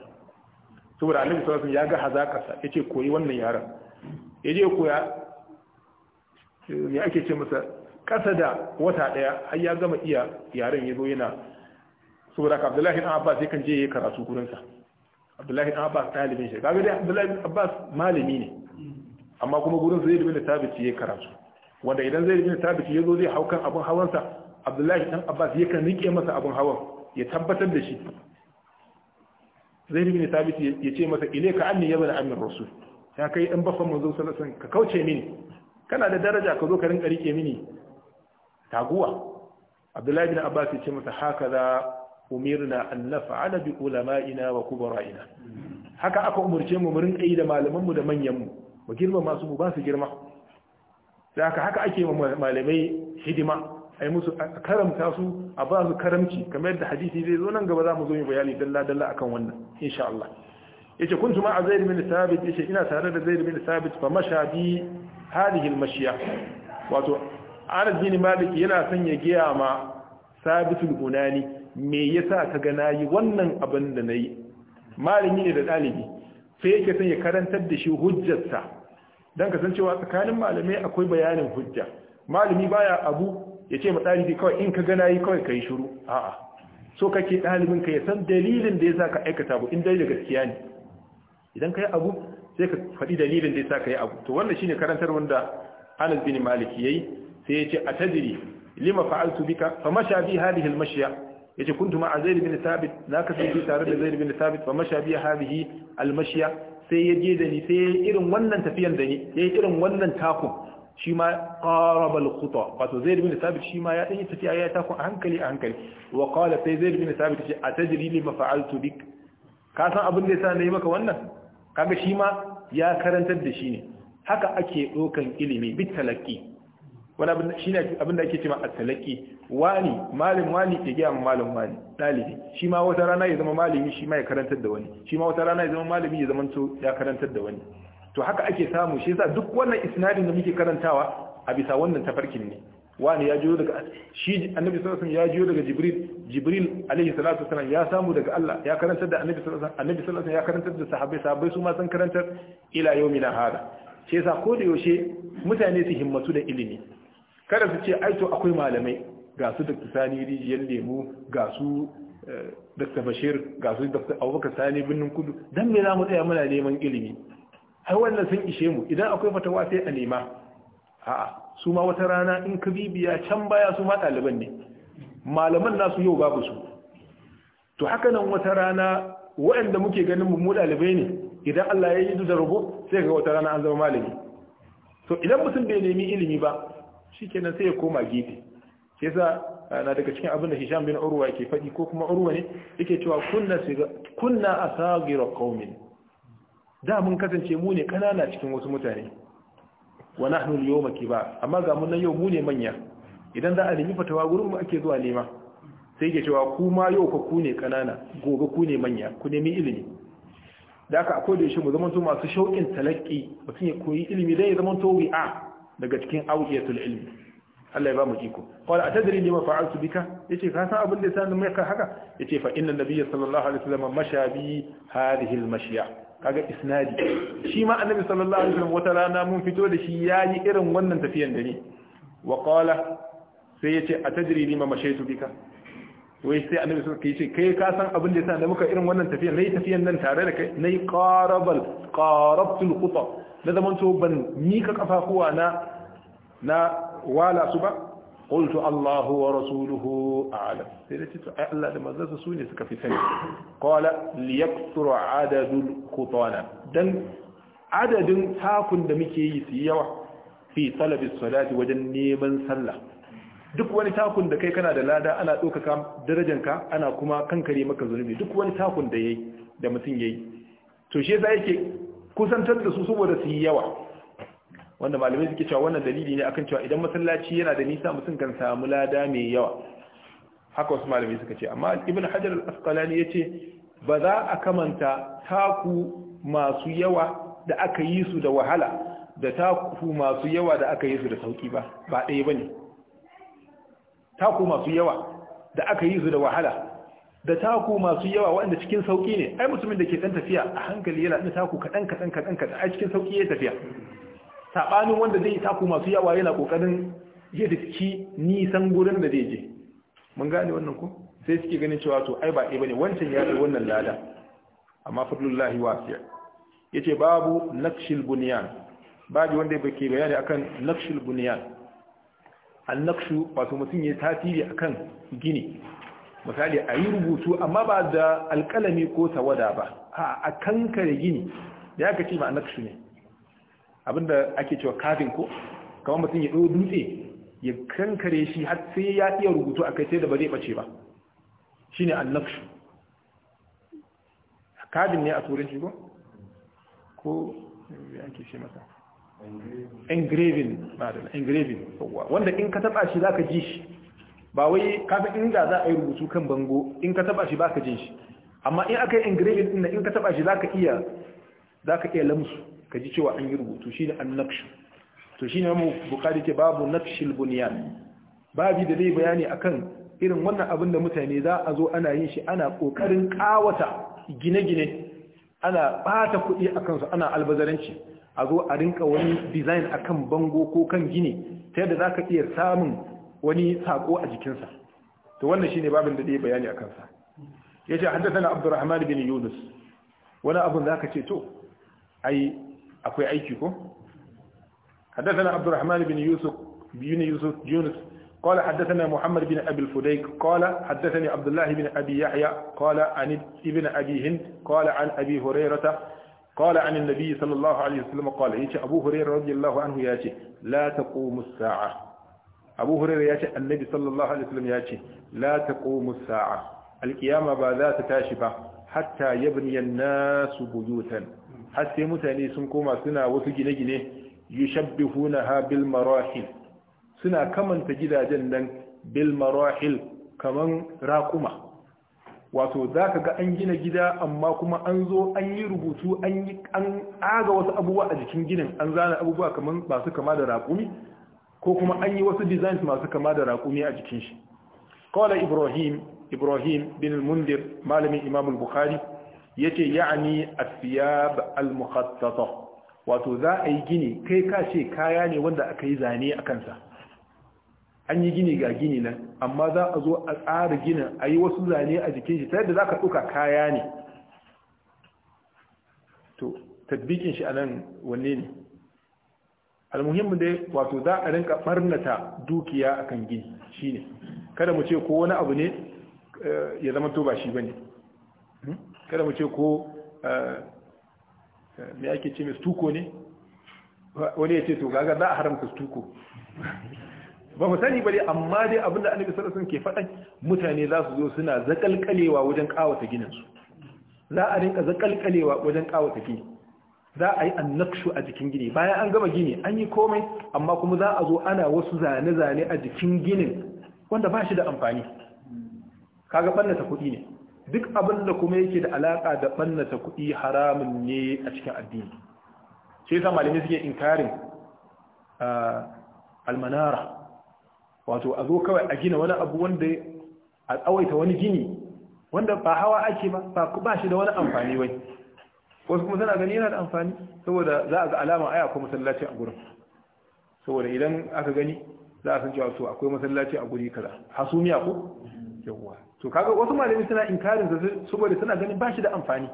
saboda annabi sallallahu alaihi wasallam ya ga hazakarsa yace koyi wannan yaren ya je koya ya ake ce masa kasa da wata daya har ya gama iya yaren ya zo yana saboda ka Abdullahi ibn Abbas sai kan je ya karatu gurin sa Abdullahi ibn Abbas talibin shi kaga dai Abdullahi ibn Abbas malami ne amma kuma gurin dubi da tabbaci ya karatu wanda idan zai bin ya yazo zai haukan abun hawansa abdullahi dan abbas yakan rike masa abun hawan ya tabbatar da shi zai bin sabiti ya ce masa ka anni ya bani amin rasul ya kai dan bafan manzo sallallahu alaihi wasallam ka kauce mini kana da daraja ka zo ka rinka rike mini taguwa abdullahi bin abbas ya ce masa haka za umirna an naf'ala bi ulama'ina wa kubara'ina haka aka umurce mu mu rinka yi da malaman mu da manyan mu mu girma masu mu ba su girma da haka haka ake wa malamai hidima ai musu karamta su a ba su karamci kamar yadda hadisi zai zo nan gaba za mu zo yi bayani dalla dalla akan wannan insha Allah yace kuntu ma Zaid bin ya yace ina tare da Zaid bin sabit fa masha bi hadhihi wato Anas maliki yana son ya giya ma sabitul gunani me yasa ka ga yi wannan abin da nayi malami ne da dalibi sai yake son ya karantar da shi hujjarsa don kasancewa tsakanin malamai akwai bayanin hujja malami baya abu ya ce matsalibi kawai in ka gana yi kawai ka yi shuru a'a so kake ɗalibin ka ya san dalilin da ya sa ka aikata abu in dai da gaskiya ne idan ka yi abu sai ka faɗi dalilin da ya sa ka yi abu to wannan shine karantar wanda anas bin maliki yayi sai ya ce a tajiri lima fa'altu bika fa masha bi hadhihi al mashya yace kuntu ma'a zaid bin thabit na kasance tare da zaid bin thabit fa masha bi hadhihi al mashya sai ya je da ni sai ya yi irin wannan tafiyan da ni ya yi irin wannan takun shi ma qaraba al-khuta zai zaid da sabit shi ma ya dan yi tafiya ya takun a hankali a hankali wa qala sai zaid bin sabit ce atajri li ma fa'altu bik ka san abin da ya sa na yi maka wannan kaga shi ma ya karantar da shi ne haka ake ɗaukan ilimi bi talaki wani abin da ake cewa a talaki. wani malam wani ke gaya malam wani dalibi shi ma wata rana ya zama malami shi ma ya karantar da wani shi ma wata rana ya zama malami ya zama ya karantar da wani to haka ake samu shi yasa duk wannan isnadin da muke karantawa a bisa wannan tafarkin ne wani ya jiyo daga shi annabi sallallahu alaihi wasallam ya jiyo daga jibril jibril alaihi salatu wasallam ya samu daga Allah ya karantar da annabi sallallahu alaihi wasallam annabi sallallahu alaihi wasallam ya karantar da sahabbai sahabbai su ma sun karantar ila yaumina hada shi yasa ko da yaushe mutane su himmatu da ilimi kada su ce ai to akwai malamai ga su Dr. Sani rijiyar lemu ga su eh, Dr. Bashir ga su Dr. Abubakar Sani birnin kudu Don me za mu tsaya muna neman ilimi har wannan sun ishe mu idan akwai fatawa sai a nema a'a su ma wata rana in ka bibiya can baya su ma ɗaliban ne malaman nasu yau babu su to haka nan wata rana waɗanda muke ganin mu ɗalibai ne idan Allah ya yi da rabo sai ga wata rana an zama malami to idan mutum bai nemi ilimi ba shikenan sai ya koma gefe yasa na daga cikin abin da Hisham bin Urwa yake faɗi ko kuma Urwa ne yake cewa kunna kunna asagira qaumin da mun kasance mu ne kanana cikin wasu mutane wa nahnu al-yawma kibar amma ga mun nan yau mu ne manya idan za a nemi fatawa gurin mu ake zuwa nema sai yake cewa ku ma yau ka ku ne kanana gobe ku ne manya ku nemi ilimi da aka akwai da shi mu zamanto masu shauƙin talaki mutum ya koyi ilimi dai ya zamanto wi'a daga cikin auqiyatul ilimi. Allah ya ba mu iko qala atadri lima fa'altu bika Ya ce ka san abin da yasa mai ka haka Ya ce fa na nabiyya sallallahu alaihi wasallam masha bi hadhihi al-mashya kaga isnadi shi ma annabi sallallahu alaihi wasallam wata rana mun fito da shi ya yi irin wannan tafiyan da ni wa qala sai yace atadri lima mashaitu bika wai sai annabi sallallahu alaihi wasallam yace kai ka san abin da yasa da muka irin wannan tafiyan Na yi tafiyan nan tare da kai na nayi qarabal qarabtul khuta da zamanto ban mika ƙafafuwa na na wala su ba qultu Allahu wa rasuluhu a'lam sai da cewa ai Allah da manzansa su ne suka fi sani qala liyaksuru adadul khutana dan adadin takun da muke yi su yawa fi talabi salati wajen neman sallah duk wani takun da kai kana da lada ana ɗaukaka darajanka ana kuma kankare maka zunubi duk wani takun da yayi da mutum yayi to shi yasa yake kusantar da su saboda su yi yawa wanda malamai suke cewa wannan dalili ne akan cewa idan masallaci yana da nisa mutum kan samu lada mai yawa haka wasu malamai suka ce amma ibn hajar al-asqalani yace ba za a kamanta taku masu yawa da aka yi su da wahala da taku masu yawa da aka yi su da sauki ba ba ɗaya bane taku masu yawa da aka yi su da wahala da taku masu yawa waɗanda cikin sauki ne ai mutumin da ke dan tafiya a hankali yana da taku kaɗan kaɗan kaɗan kadan a cikin sauki ya tafiya sabanin wanda zai taku masu yawa yana kokarin ya diski nisan gurin da zai je mun gane wannan ko sai suke ganin cewa to ai ba bane wancan ya yi wannan lada amma fadlullahi wasiya yace babu nakshil bunyan babu wanda yake bayani akan nakshil bunyan annakshu wato mutum ya tasiri akan gini misali a yi rubutu amma ba da alkalami ko tawada ba a kankare gini da ya ce ba annakshu ne abinda ake cewa kafin ko kamar mutum ya ɗau dutse ya kankare shi har sai ya iya rubutu a kai sai da ba zai ɓace ba Shi ne annafshu kafin ne a turanci ko ko ke ce masa engraving ba da engraving wanda in ka taba shi za ka ji shi ba wai kafin inda za a yi rubutu kan bango in ka taba shi ba ka jin shi amma in aka yi engraving din in ka taba shi za iya iya lamsu ka ji cewa an yi rubutu shine an-naqsh to shine mu bukari ke babu naqshil bunyan babi da zai bayani akan irin wannan abin da mutane za a zo ana yin shi ana kokarin kawata gine-gine ana bata kuɗi a kansu ana albazaranci a zo a rinka wani design akan bango ko kan gini ta yadda zaka iya samun wani sako a jikinsa to wannan ne babin da zai bayani akan sa yace haddathana abdurrahman bin yunus wani za zaka ce to ai akwai aiki ko حدثنا عبد الرحمن بن يوسف بن يوسف يونس قال حدثنا محمد بن أبي الفديك قال حدثني عبد الله بن أبي يحيى قال عن ابن أبي هند قال عن أبي هريرة قال عن النبي صلى الله عليه وسلم قال يجي أبو هريرة رضي الله عنه ياتي لا تقوم الساعة أبو هريرة ياتي النبي صلى الله عليه وسلم ياتي لا تقوم الساعة القيامة بذات تاشبة حتى يبني الناس بيوتا har sai mutane sun koma suna wasu gine-gine ha bil marahil suna kamanta gidajen nan bil marahil kaman raquma wato zaka ga an gina gida amma kuma an zo an yi rubutu an yi an aga wasu abubuwa a jikin ginin an zana abubuwa kaman masu kama da raƙumi ko kuma an yi wasu designs masu kama da raƙumi a jikin shi qala ibrahim ibrahim bin mundir malamin imamul al-bukhari yace ya'ani athiyab al-mukhattata wato za a yi gini kai ka ce kaya ne wanda aka yi zane a kansa an yi gini ga gini nan amma za a zo a tsara ginin a yi wasu zane a jikin shi ta yadda za ka kaya ne to tabbikin shi a nan wanne ne almuhimmin dai wato za a rinka barnata dukiya akan gini shine kada mu ce ko wani abu ne eh, ya zama to ba shi bane kada mu ce ko eh, eh, me ake ce mai stuko ne wani ya ce to gaga za a haramta stuko ba mu sani bane amma dai abinda an yi alaihi ke faɗan mutane za su zo suna zakalkalewa wajen kawata ginin su za a rinka zakalkalewa wajen kawata gini za a yi annakshu a jikin gini bayan an gama gini an yi komai amma kuma za a zo ana wasu zane-zane a jikin ginin wanda ba shi da amfani kaga ɓannata kuɗi ne duk abin da kuma yake da alaƙa da ɓannata kuɗi haramun ne a cikin addini sai sa malami suke inkarin almanara wato a zo kawai a gina wani abu wanda a tsawaita wani gini wanda ba hawa ake ba ba ba shi da wani amfani wai wasu kuma suna gani yana da amfani saboda za a ga alama aya ko masallaci a gurin saboda idan aka gani za a san cewa to akwai masallaci a guri kaza hasumiya ko yawwa to kaga wasu malami suna inkarin su bari suna ganin ba shi da amfani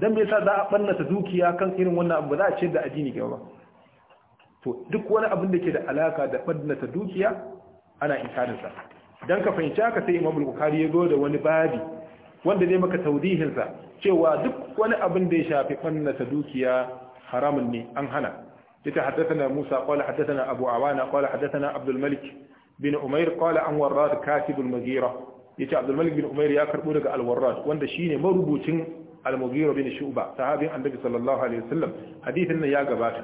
dan me yasa za a bannata dukiya kan irin wannan abu ba za a ce da addini gaba ba to duk wani abin da ke da alaka da bannata dukiya ana inkarin sa dan ka fahimci haka sai Imam Bukhari ya zo da wani babi wanda ne maka tawdihin sa cewa duk wani abin da ya shafi bannata dukiya haramun ne an hana ita haddathana Musa qala haddathana Abu Awana qala haddathana Abdul Malik bin Umair qala an warad katibul Magera. yace Abdul bin Umair ya karbo daga Al-Warraq wanda shine marubucin Al-Mughira bin Shu'ba sahabin Annabi sallallahu alaihi wasallam hadithin nan ya gabata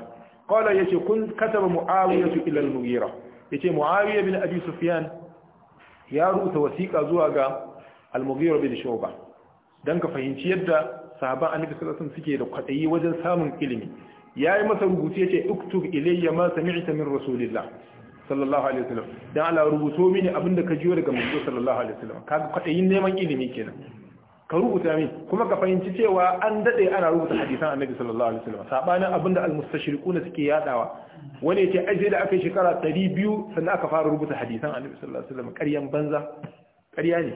qala yace kun kataba Muawiya ila Al-Mughira yace Muawiya bin Abi Sufyan ya rubuta wasika zuwa ga Al-Mughira bin Shu'ba dan ka fahimci yadda sahaban Annabi sallallahu alaihi wasallam suke da kwadayi wajen samun ilimi yayi masa rubuce yace uktub ilayya ma sami'ta min rasulillah sallallahu alaihi wasallam dan Allah rubuto mini abin da ka jiyo daga manzo sallallahu alaihi wasallam kaga kwadayin neman ilimi kenan ka rubuta min kuma ka fahimci cewa an dade ana rubuta hadisan annabi sallallahu alaihi wasallam sabanin abinda almustashriquna suke yadawa wani yace aje da aka shekara 200 sannan aka fara rubuta hadisan annabi sallallahu alaihi wasallam ƙaryan banza ƙarya ne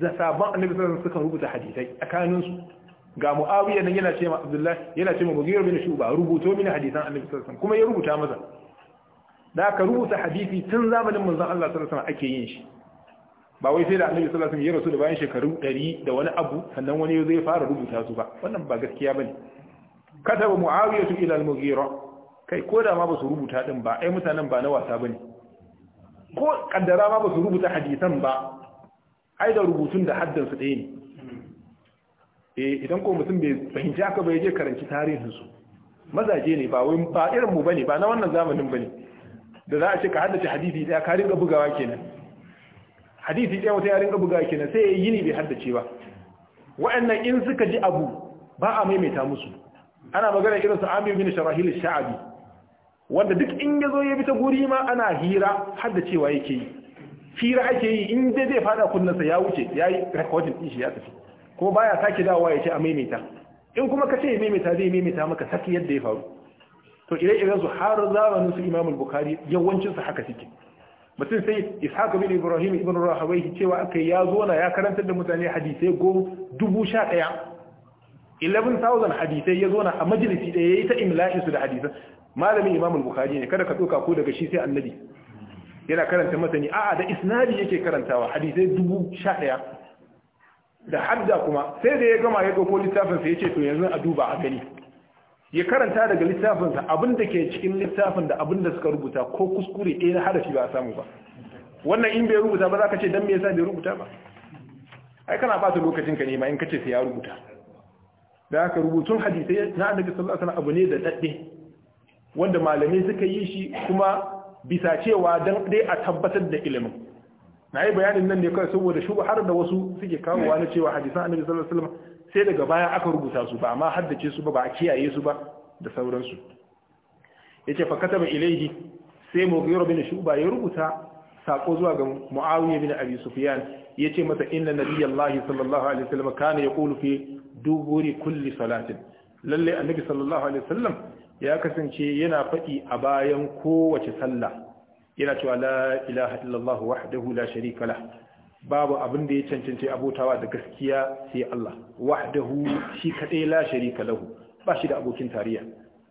za sabon annabi sallallahu alaihi wasallam suka rubuta hadisai tsakanin su ga muawiya nan yana cewa abdullahi yana cewa mughira bin shuba rubuto mini hadisan annabi sallallahu alaihi wasallam kuma ya rubuta masa da aka rubuta hadisi tun zamanin manzon Allah sallallahu alaihi wasallam ake yin shi ba wai sai da annabi sallallahu alaihi wasallam ya rasu da bayan shekaru 100 da wani abu sannan wani ya fara rubuta su ba wannan ba gaskiya bane kataba muawiyatu ila al-mughira kai ko da ma ba su rubuta din ba ai mutanen ba na wasa bane ko kaddara ma ba su rubuta hadisan ba ai da rubutun da haddan su ɗaya ne eh idan ko mutum bai fahimci haka ya je karanci tarihin su mazaje ne ba wai ba irin mu bane ba na wannan zamanin bane da za a ce ka haddace hadisi daya ka rinka bugawa kenan hadisi daya wata ya rinka bugawa kenan sai yayi ne bai haddace ba wa'annan in suka ji abu ba a maimaita musu ana magana irin su Amir bin Sharahil Sha'abi wanda duk in ya zo ya bi ta guri ma ana hira haddacewa yake yi hira ake yi in dai zai fada kunnansa ya wuce yayi recording din shi ya tafi kuma baya sake dawowa ya ce a maimaita in kuma ka ce maimaita zai maimaita maka saki yadda ya faru to ire-iren su har zamanin su imamul bukhari yawancinsu su haka suke mutum sai ishaq bin ibrahim ibn rahawayhi cewa akai ya zo na ya karantar da mutane hadisai go dubu 11,000 hadisai ya zo na a majalisi ɗaya ya yi ta imla'in su da hadisan malamin imamul bukhari ne kada ka tsoka ko daga shi sai annabi yana karanta masani a'a da isnadi yake karantawa hadisai dubu da hadda kuma sai da ya gama ya ɗauko littafin sai ya ce to yanzu a duba a gani ya karanta daga littafinsa abin da ke cikin littafin da abin da suka rubuta ko kuskure ɗaya na harafi ba a samu ba wannan in bai rubuta ba za ka ce don me yasa bai rubuta ba ai kana ta lokacin ka ne ma in ka ce sai ya rubuta da haka rubutun hadisai na annabi sallallahu alaihi abu ne da dadde wanda malamai suka yi shi kuma bisa cewa dan dai a tabbatar da ilimin na yi bayanin nan ne kawai saboda har da wasu suke kawowa na cewa hadisan annabi sallallahu alaihi wasallam sai daga baya aka rubuta su ba amma haddace su ba ba a kiyaye su ba da sauransu yace fa kataba ilayhi sai mughira bin shuba ya rubuta sako zuwa ga muawiya bin abi ya yace masa inna nabiyallahi sallallahu alaihi wasallam kana yaqulu fi duburi kulli salatin lalle annabi sallallahu alaihi wasallam ya kasance yana faɗi a bayan kowace sallah yana cewa la ilaha illallah wahdahu la sharika lahu babu abin da ya cancanci abotawa da gaskiya sai Allah wahdahu shi kadai la sharika lahu ba shi da abokin tarayya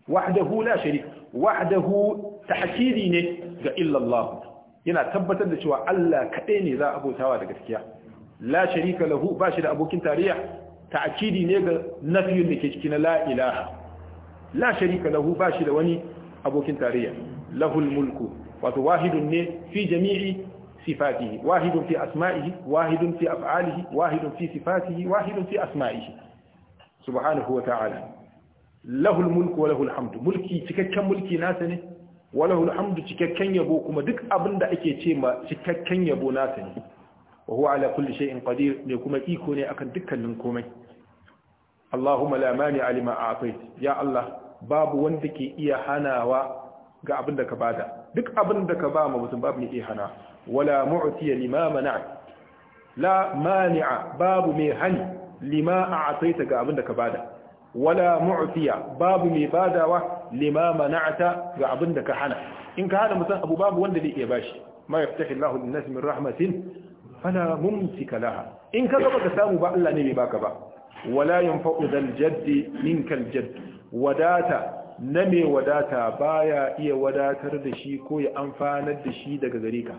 wahdahu la sharik wahdahu ta'kidi ne ga illa Allah yana tabbatar da cewa Allah kadai ne za abotawa da gaskiya la sharika lahu ba shi da abokin tariya ta'kidi ne ga nafiyun da ke cikin la ilaha la sharika lahu ba shi da wani abokin tariya, lahul mulku wato wahidun ne fi jami'i صفاته واحد في أسمائه واحد في أفعاله واحد في صفاته واحد في أسمائه سبحانه وتعالى له الملك وله الحمد ملكي تككن ملكي ناسني وله الحمد تككن يبو كما دك أبن دا أكي تيما تككن يبو ناسني وهو على كل شيء قدير لكما إيكوني أكن دكا لنكومي اللهم لا مانع لما أعطيت يا الله باب وندك إيا حناوا ga abin da ka bada duk abin da ka ba ma mutum babu ne iya hana wala mu'tiya lima mana la mani'a babu mai hali lima a'taita ga abin ka bada wala mu'tiya babu mai badawa lima mana'ata ga abin da ka hana in ka hana mutum abu babu wanda zai iya bashi ma yaftahi Allahu lin-nasi min rahmatin fala mumsika laha in ka ga baka samu ba Allah ne baka ba wala yanfa'u dal jaddi minkal jadd wadata na mai wadata baya iya wadatar da shi ko ya amfanar da shi daga gare ka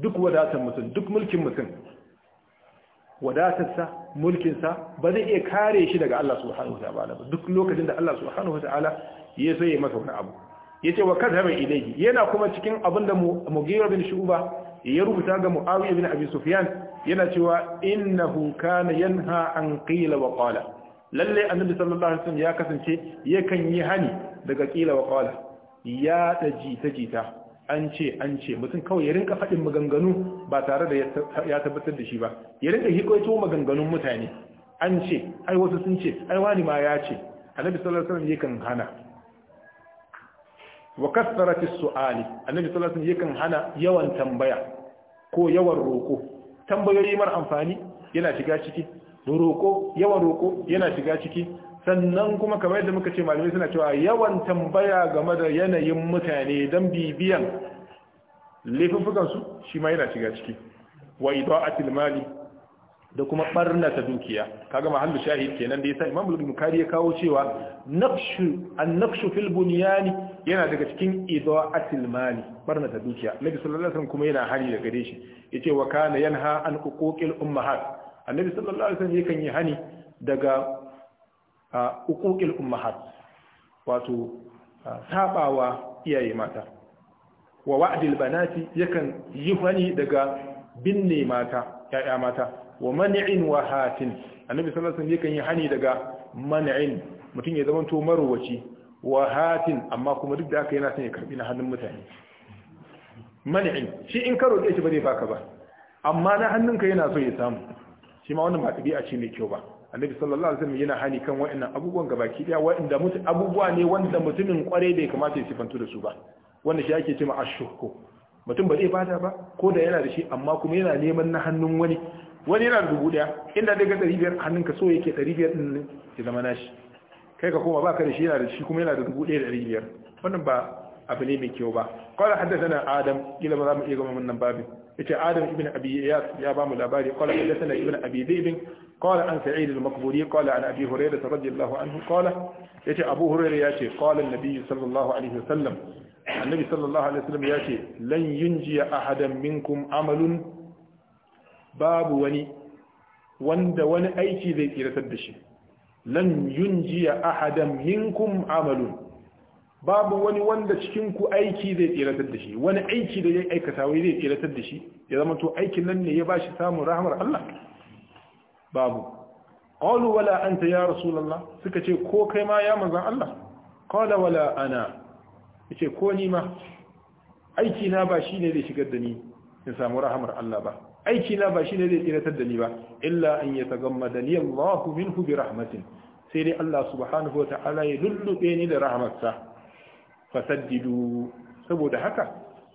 duk wadatar mutum duk mulkin mutum wadatarsa mulkinsa ba zai iya kare shi daga Allah subhanahu ba duk lokacin da Allah subhanahu ya so ya masa wani abu ce wa kadhaba ilayhi yana kuma cikin abin da Mughira bin Shu'ba ya rubuta ga Muawiya bin Abi Sufyan yana cewa innahu kana yanha an qila wa qala lalle annabi sallallahu alaihi wasallam ya kasance yakan yi hani daga qila wa qala ya tajita jita an ce an ce mutum kawai ya rinka faɗin maganganu ba tare da ya tabbatar da shi ba ya rinka hikwaito maganganun mutane an ce ai wasu sun ce ai wani ma ya ce annabi sallallahu alaihi wasallam yakan hana wa kasarati su'ali annabi sallallahu alaihi wasallam yakan hana yawan tambaya ko yawan roko tambayoyi mar amfani yana shiga ciki roko yawan roko yana shiga ciki sannan kuma kamar yadda muka ce malamai suna cewa yawan tambaya game da yanayin mutane don bibiyan laifuffukansu shi ma yana shiga ciki wa a tilmali da kuma barnata dukiya Ka kaga hannu shahid kenan da ya sa, imam al kari ya kawo cewa an-naqshu fil bunyani yana daga cikin a mali barnata dukiya nabi sallallahu alaihi kuma yana hani da gare shi ya ce wa kana ha an uquqil ummahat annabi sallallahu alaihi wasallam yakan yi hani daga uquqil ummahat wato sabawa iyaye mata wa wa'dil banati yakan yi hani daga binne mata ya'ya mata wa man'in wa hatin annabi sallallahu alaihi yakan yi hani daga man'in mutum ya zama to marwaci wa hatin amma kuma duk da haka yana son ya karbi na hannun mutane man'in shi in karo da shi ba zai baka ba amma na hannunka yana so ya samu shi ma wannan ba tabi'a ce mai kyau ba annabi sallallahu alaihi wasallam yana hani kan wa'annan abubuwan gabaki da wa'anda mutu abubuwa ne wanda mutumin kware bai kamata ya sifantu da su ba wanda shi ake cewa ashukku mutum ba zai bada ba ko da yana da shi amma kuma yana neman na hannun wani wani yana da dubu daya inda daga ɗari biyar hannunka so yake ɗari biyar ne ya zama nashi kai ka koma baka da shi yana da shi kuma yana da dubu ɗaya da ɗari biyar wannan ba abu ne mai kyau ba qala haddathana adam kila ba za mu iya gama wannan babin yace adam ibn abi iyas ya ba mu labari qala haddathana ibn abi zaid qala an sa'id al-maqburi qala an abi hurairah radiyallahu anhu qala yace abu hurairah yace qala an-nabi sallallahu alaihi sallam. annabi sallallahu alaihi wasallam yace lan yunji ahadan minkum amalun babu wani wanda wani aiki zai tsira da shi lan yunji ahadan minkum amalun babu wani wanda cikin ku aiki zai tsiratar da shi wani aiki da ya aikata wai zai tsiratar da shi ya zama to aikin nan ne ya bashi samun rahmar Allah babu qalu wala anta ya rasulullah suka ce ko kai ma ya manzon Allah qala wala ana yace ko ni ma aiki na ba shine zai shigar da ni in samu rahmar Allah ba aiki na ba shine zai tsiratar da ni ba illa an yatagammada li Allah minhu bi rahmatin sai dai Allah subhanahu wa ta'ala ya lulluɓe ni da rahmatsa fasaddidu saboda haka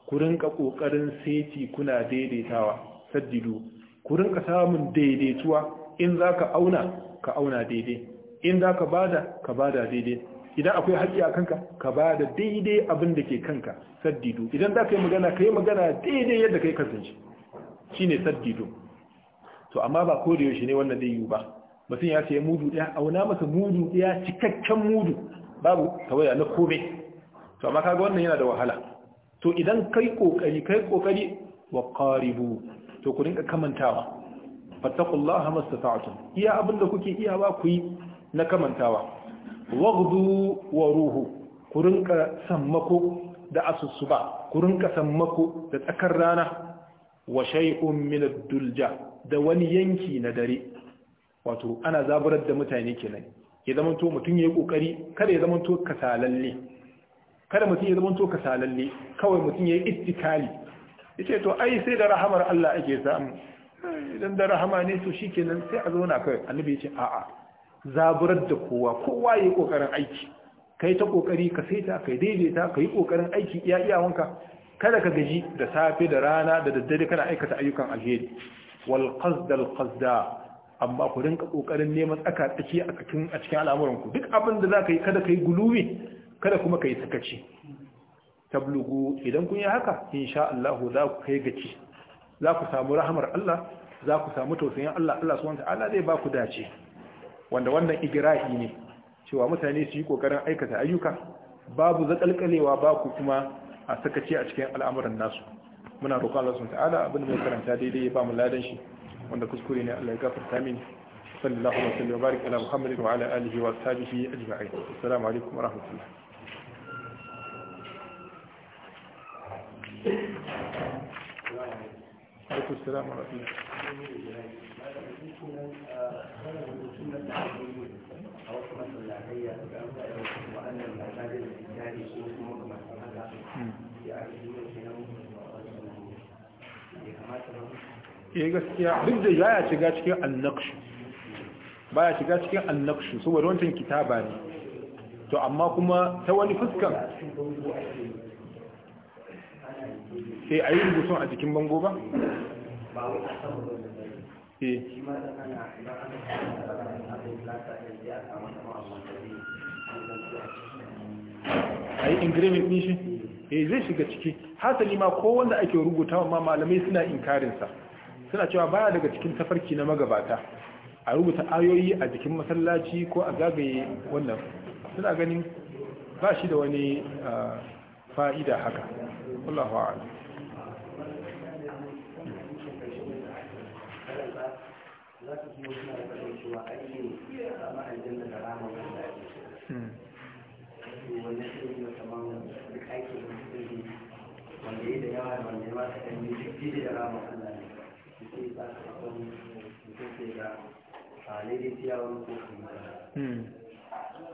ku rinka kokarin seti kuna daidaitawa saddidu ku rinka samun daidaituwa in za ka auna ka auna daidai in ka bada ka bada daidai idan akwai haƙƙi a kanka ka bada daidai abin da ke kanka saddidu idan zaka yi magana ka yi magana daidai yadda kai kasance shi ne saddidu to amma ba ko da yaushe ne wannan zai yiwu ba mutum ya ce mudu ɗaya auna masa mudu ɗaya cikakken mudu babu tawaya na komai to amma kaga wannan yana da wahala to idan kai kokari kai kokari wa qaribu to ku rinka kamantawa fattaqullaha mastata'tum iya abinda kuke iya ba ku yi na kamantawa waghdu wa ruhu ku rinka sammako da asusuba ku rinka sammako da tsakar rana wa shay'un min ad-dulja da wani yanki na dare wato ana zaburar da mutane kenan ya zama to mutum yayi kokari kada ya zama to kasalalle kada mutum ya zama to kasalalle kawai mutum ya yi ittikali yace to ai sai da rahamar Allah ake samu idan da rahama ne to shi kenan sai a zauna kai annabi ce a'a zaburar da kowa kowa yayi kokarin aiki kai ta kokari ka saita kai daidaita yi kokarin aiki iya iyawanka kada ka gaji da safe da rana da daddare kana aikata ayyukan alheri wal qasd qasda amma ku rinka kokarin neman tsaka tsaki a cikin al'amuranku duk abin da zaka yi kada kai guluwi kada kuma ka yi sakaci tablugu idan kun yi haka insha Allah za ku kai gaci za ku samu rahamar Allah za ku samu tausayin Allah Allah subhanahu ta'ala zai ba ku dace wanda wannan igra'i ne cewa mutane su yi kokarin aikata ayyuka babu zakalkalewa ba ku kuma a sakaci a cikin al'amuran nasu muna roƙon Allah subhanahu ta'ala abin da mai karanta daidai ya ba mu ladan shi wanda kuskure ne Allah ya gafarta mini sallallahu alaihi wa sallam wa barik ala muhammadin wa ala alihi wa ashabihi ajma'in assalamu alaikum wa rahmatullahi عليكم eh, ya gaskiya duk da ya shiga cikin annakshi ba ya shiga cikin annakshi saboda wancan kitaba ne to amma kuma ta wani fuskan sai eh, a yi a jikin bango ba? Eh. a yi ingirimin ɗin shi? eh zai shiga ciki hasali ma kowanda ake rubuta ma malamai suna inkarinsa suna cewa baya daga cikin tafarki na magabata a rubuta ayoyi a jikin masallaci ko a zagaye wannan suna ganin ba shi da wani ah, fa'ida haka hmm. Hmm. Eh Allah wa’ala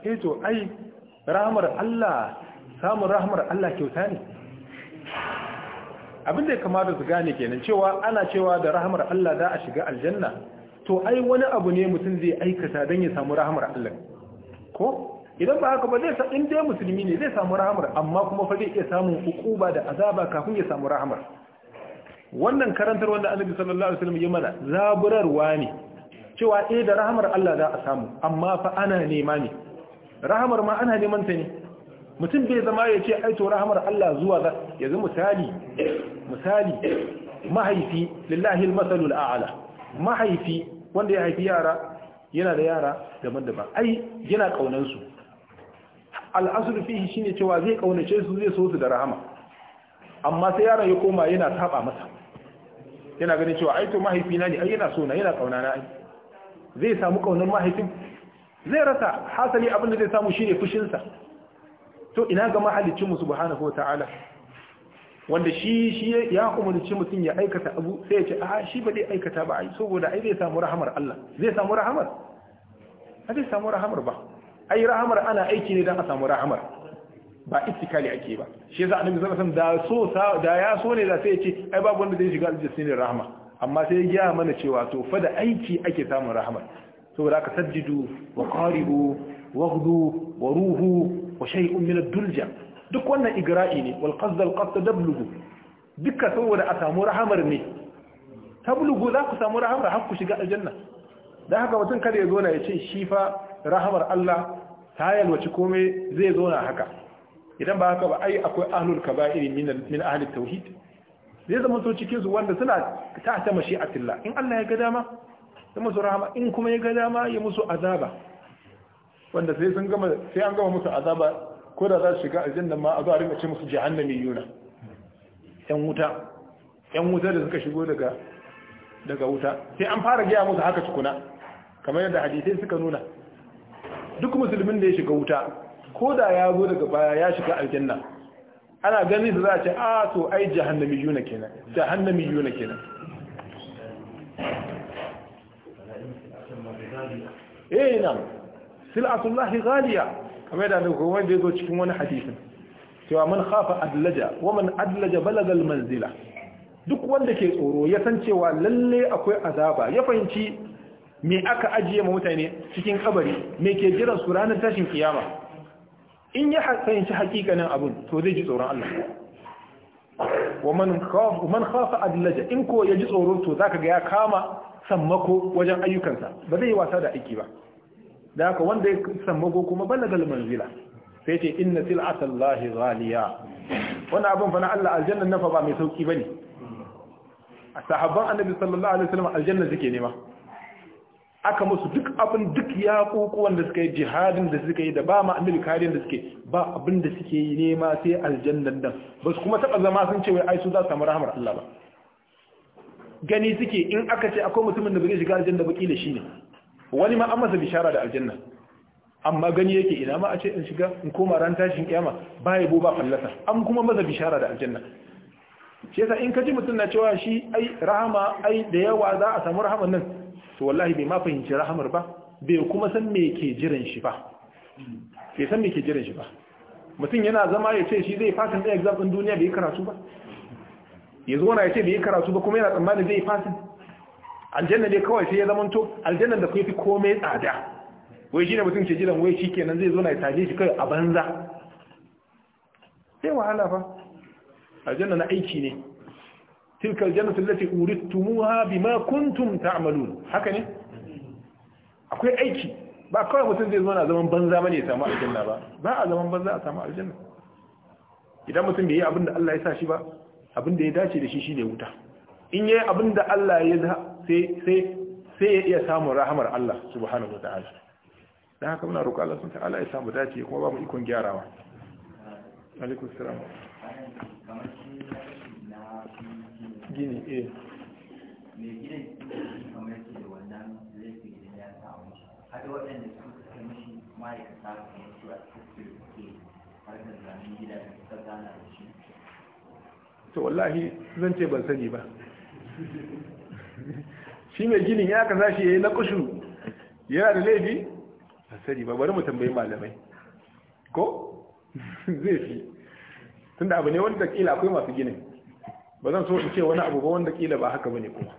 Eto, ai, ramar Allah samun rahmar Allah kyauta ne abin da ya kamata su gane kenan cewa ana cewa da rahmar Allah za a shiga aljanna to ai wani abu ne mutum zai aikata don ya samu rahmar Allah ko idan ba haka ba zai in inda musulmi ne zai samu rahmar amma kuma fa zai iya samun hukuba da azaba kafin ya samu rahmar wannan karantar wanda Annabi sallallahu alaihi wasallam ya mana zaburarwa ne cewa eh da rahmar Allah za a samu amma fa ana nema ne rahmar ma ana neman ta ne mutum bai zama ya ce aito rahamar Allah zuwa za yanzu misali misali mahaifi lillahi almasalul a'la mahaifi wanda ya haifi yara yana da yara daban-daban ai yana kaunan su al'asul fihi shine cewa zai kaunace su zai so su da rahama amma sai yaron ya koma yana saba masa yana ganin cewa aito mahaifina ne ai yana so na yana kauna na ai zai samu kaunar mahaifin zai rasa hasali abin da zai samu shine fushinsa to ina ga mahalicin mu subhanahu Ta'ala? wanda shi shi ya umarci mutum ya aikata abu sai ya ce a shi ba zai aikata ba ai saboda ai zai samu rahamar Allah zai samu rahamar ba zai samu rahamar ba ai rahamar ana aiki ne don a samu rahamar ba itikali ake ba shi za annabi sallallahu alaihi da so da ya so ne da sai ya ce ai babu wanda zai shiga aljanna sai rahama amma sai ya mana cewa to fa da aiki ake samun rahamar saboda ka sajjidu wa qaribu ghudu wa ruhu wa shay'un min ad-dulja duk wannan igra'i ne wal qasd al qasd dablugu dukka saboda a samu rahamar ne tablugu za samu rahamar har ku shiga aljanna dan haka mutum kada ya zo ya ce shi fa rahamar Allah ta yalwaci komai zai zo haka idan ba haka ba ai akwai ahlul kaba'iri min min ahli tauhid zai zama to cikin su wanda suna ta a mashi'atillah in Allah ya ga dama sai musu rahama in kuma ya ga dama ya musu azaba wanda sai sun gama sai an gama musu azaba ko da za su shiga aljanna ma a za a rinka ce musu jahannami yuna yan wuta yan wuta da suka shigo daga daga wuta sai an fara gaya musu haka tukuna kamar yadda hadisai suka nuna duk musulmin da ya shiga wuta ko da ya zo daga baya ya shiga aljanna ana ganin su za a ce a to ai jahannami yuna kenan jahannami yuna kenan eh na'am sil'atullahi ghaliya kamar da ko wanda yazo cikin wani hadisin cewa man khafa adlaja wa man adlaja balaga manzila duk wanda ke tsoro ya san cewa lalle akwai azaba ya fahimci me aka ajiye ma mutane cikin kabari me ke jiran su ranar tashin kiyama in ya fahimci hakikanin abun to zai ji tsoron Allah wa man khafa man khafa adlaja in ko ya ji tsoro to zaka ga ya kama sammako wajen ayyukansa ba zai yi wasa da aiki ba da haka wanda ya sammago kuma balagal manzila sai ce inna lahi ghaliya wannan abin fa na Allah aljanna na fa ba mai sauki bane sahabban annabi sallallahu alaihi wasallam aljanna suke nema aka musu duk abin duk ya kuku wanda suka yi jihadin da suka yi da ba ma annabi kariyan da suke ba abin da suke yi nema sai aljannan dan ba su kuma taba zama sun ce wai ai su za su samu rahmar Allah ba gani suke in aka ce akwai mutumin da bai shiga aljanna ba kila shine wani ma an masa bishara da aljanna amma gani yake ina ma a ce in shiga in koma ran tashin kiyama ba bo ba fallasa an kuma masa bishara da aljanna shi yasa in kaji mutum na cewa shi ai rahama ai da yawa za a samu rahaman nan to wallahi bai ma fahimci rahamar ba bai kuma san me ke jiran shi ba bai san me ke jiran shi ba mutum yana zama ya ce shi zai fasin ɗaya exam ɗin duniya bai karatu ba ya zo ya ce bai karatu ba kuma yana tsammanin zai fasin aljanna ne kawai sai ya zamanto aljanna da fi komai tsada wai shi ne mutum ke jiran wai shi kenan zai zo na taje shi kai a banza sai wahala fa aljanna na aiki ne tilka aljannatu allati uridtumuha bima kuntum ta'malun haka ne akwai aiki ba kawai mutum zai zo na zaman banza bane ya samu aljanna ba ba a zaman banza a samu aljanna idan mutum bai yi abin da Allah ya sa shi ba abin da ya dace da shi shine wuta in yayi abin da Allah ya sai sai sai ya iya samun rahamar Allah subhanahu wa ta'ala dan haka muna roƙo Allah subhanahu Allah ya samu dace kuma ba mu ikon gyarawa alaikum salam gini eh a to wallahi zan ce ban sani ba shi mai ginin ya kaza shi yi na kushu yana da laifi a sari ba bari mu tambayi malamai ko [LAUGHS] zai fi tunda abu ne wanda kila akwai masu ginin ba zan so in ce wani abu ba wanda kila ba haka bane kuma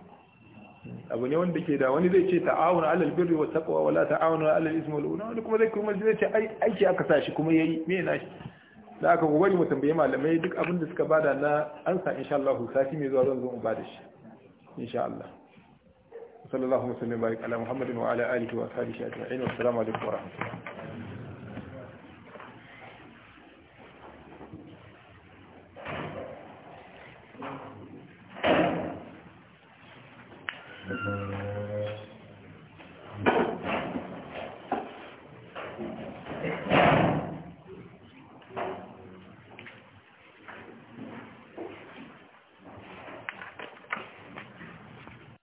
abu ne wanda ke da wani zai ce ta'awun alal birri wa taqwa wala ta'awun alal ismi wal wani kuma zai kuma zai ce ai aiki aka sa shi kuma yayi me na shi da aka gobe mu tambaye malamai duk abin da suka bada na ansa insha Allah sati mai zuwa zan zo mu bada shi insha Allah sallallahu alaihi wa sallam barik ala muhammadin wa ala alihi wa ashabihi ajma'in wa assalamu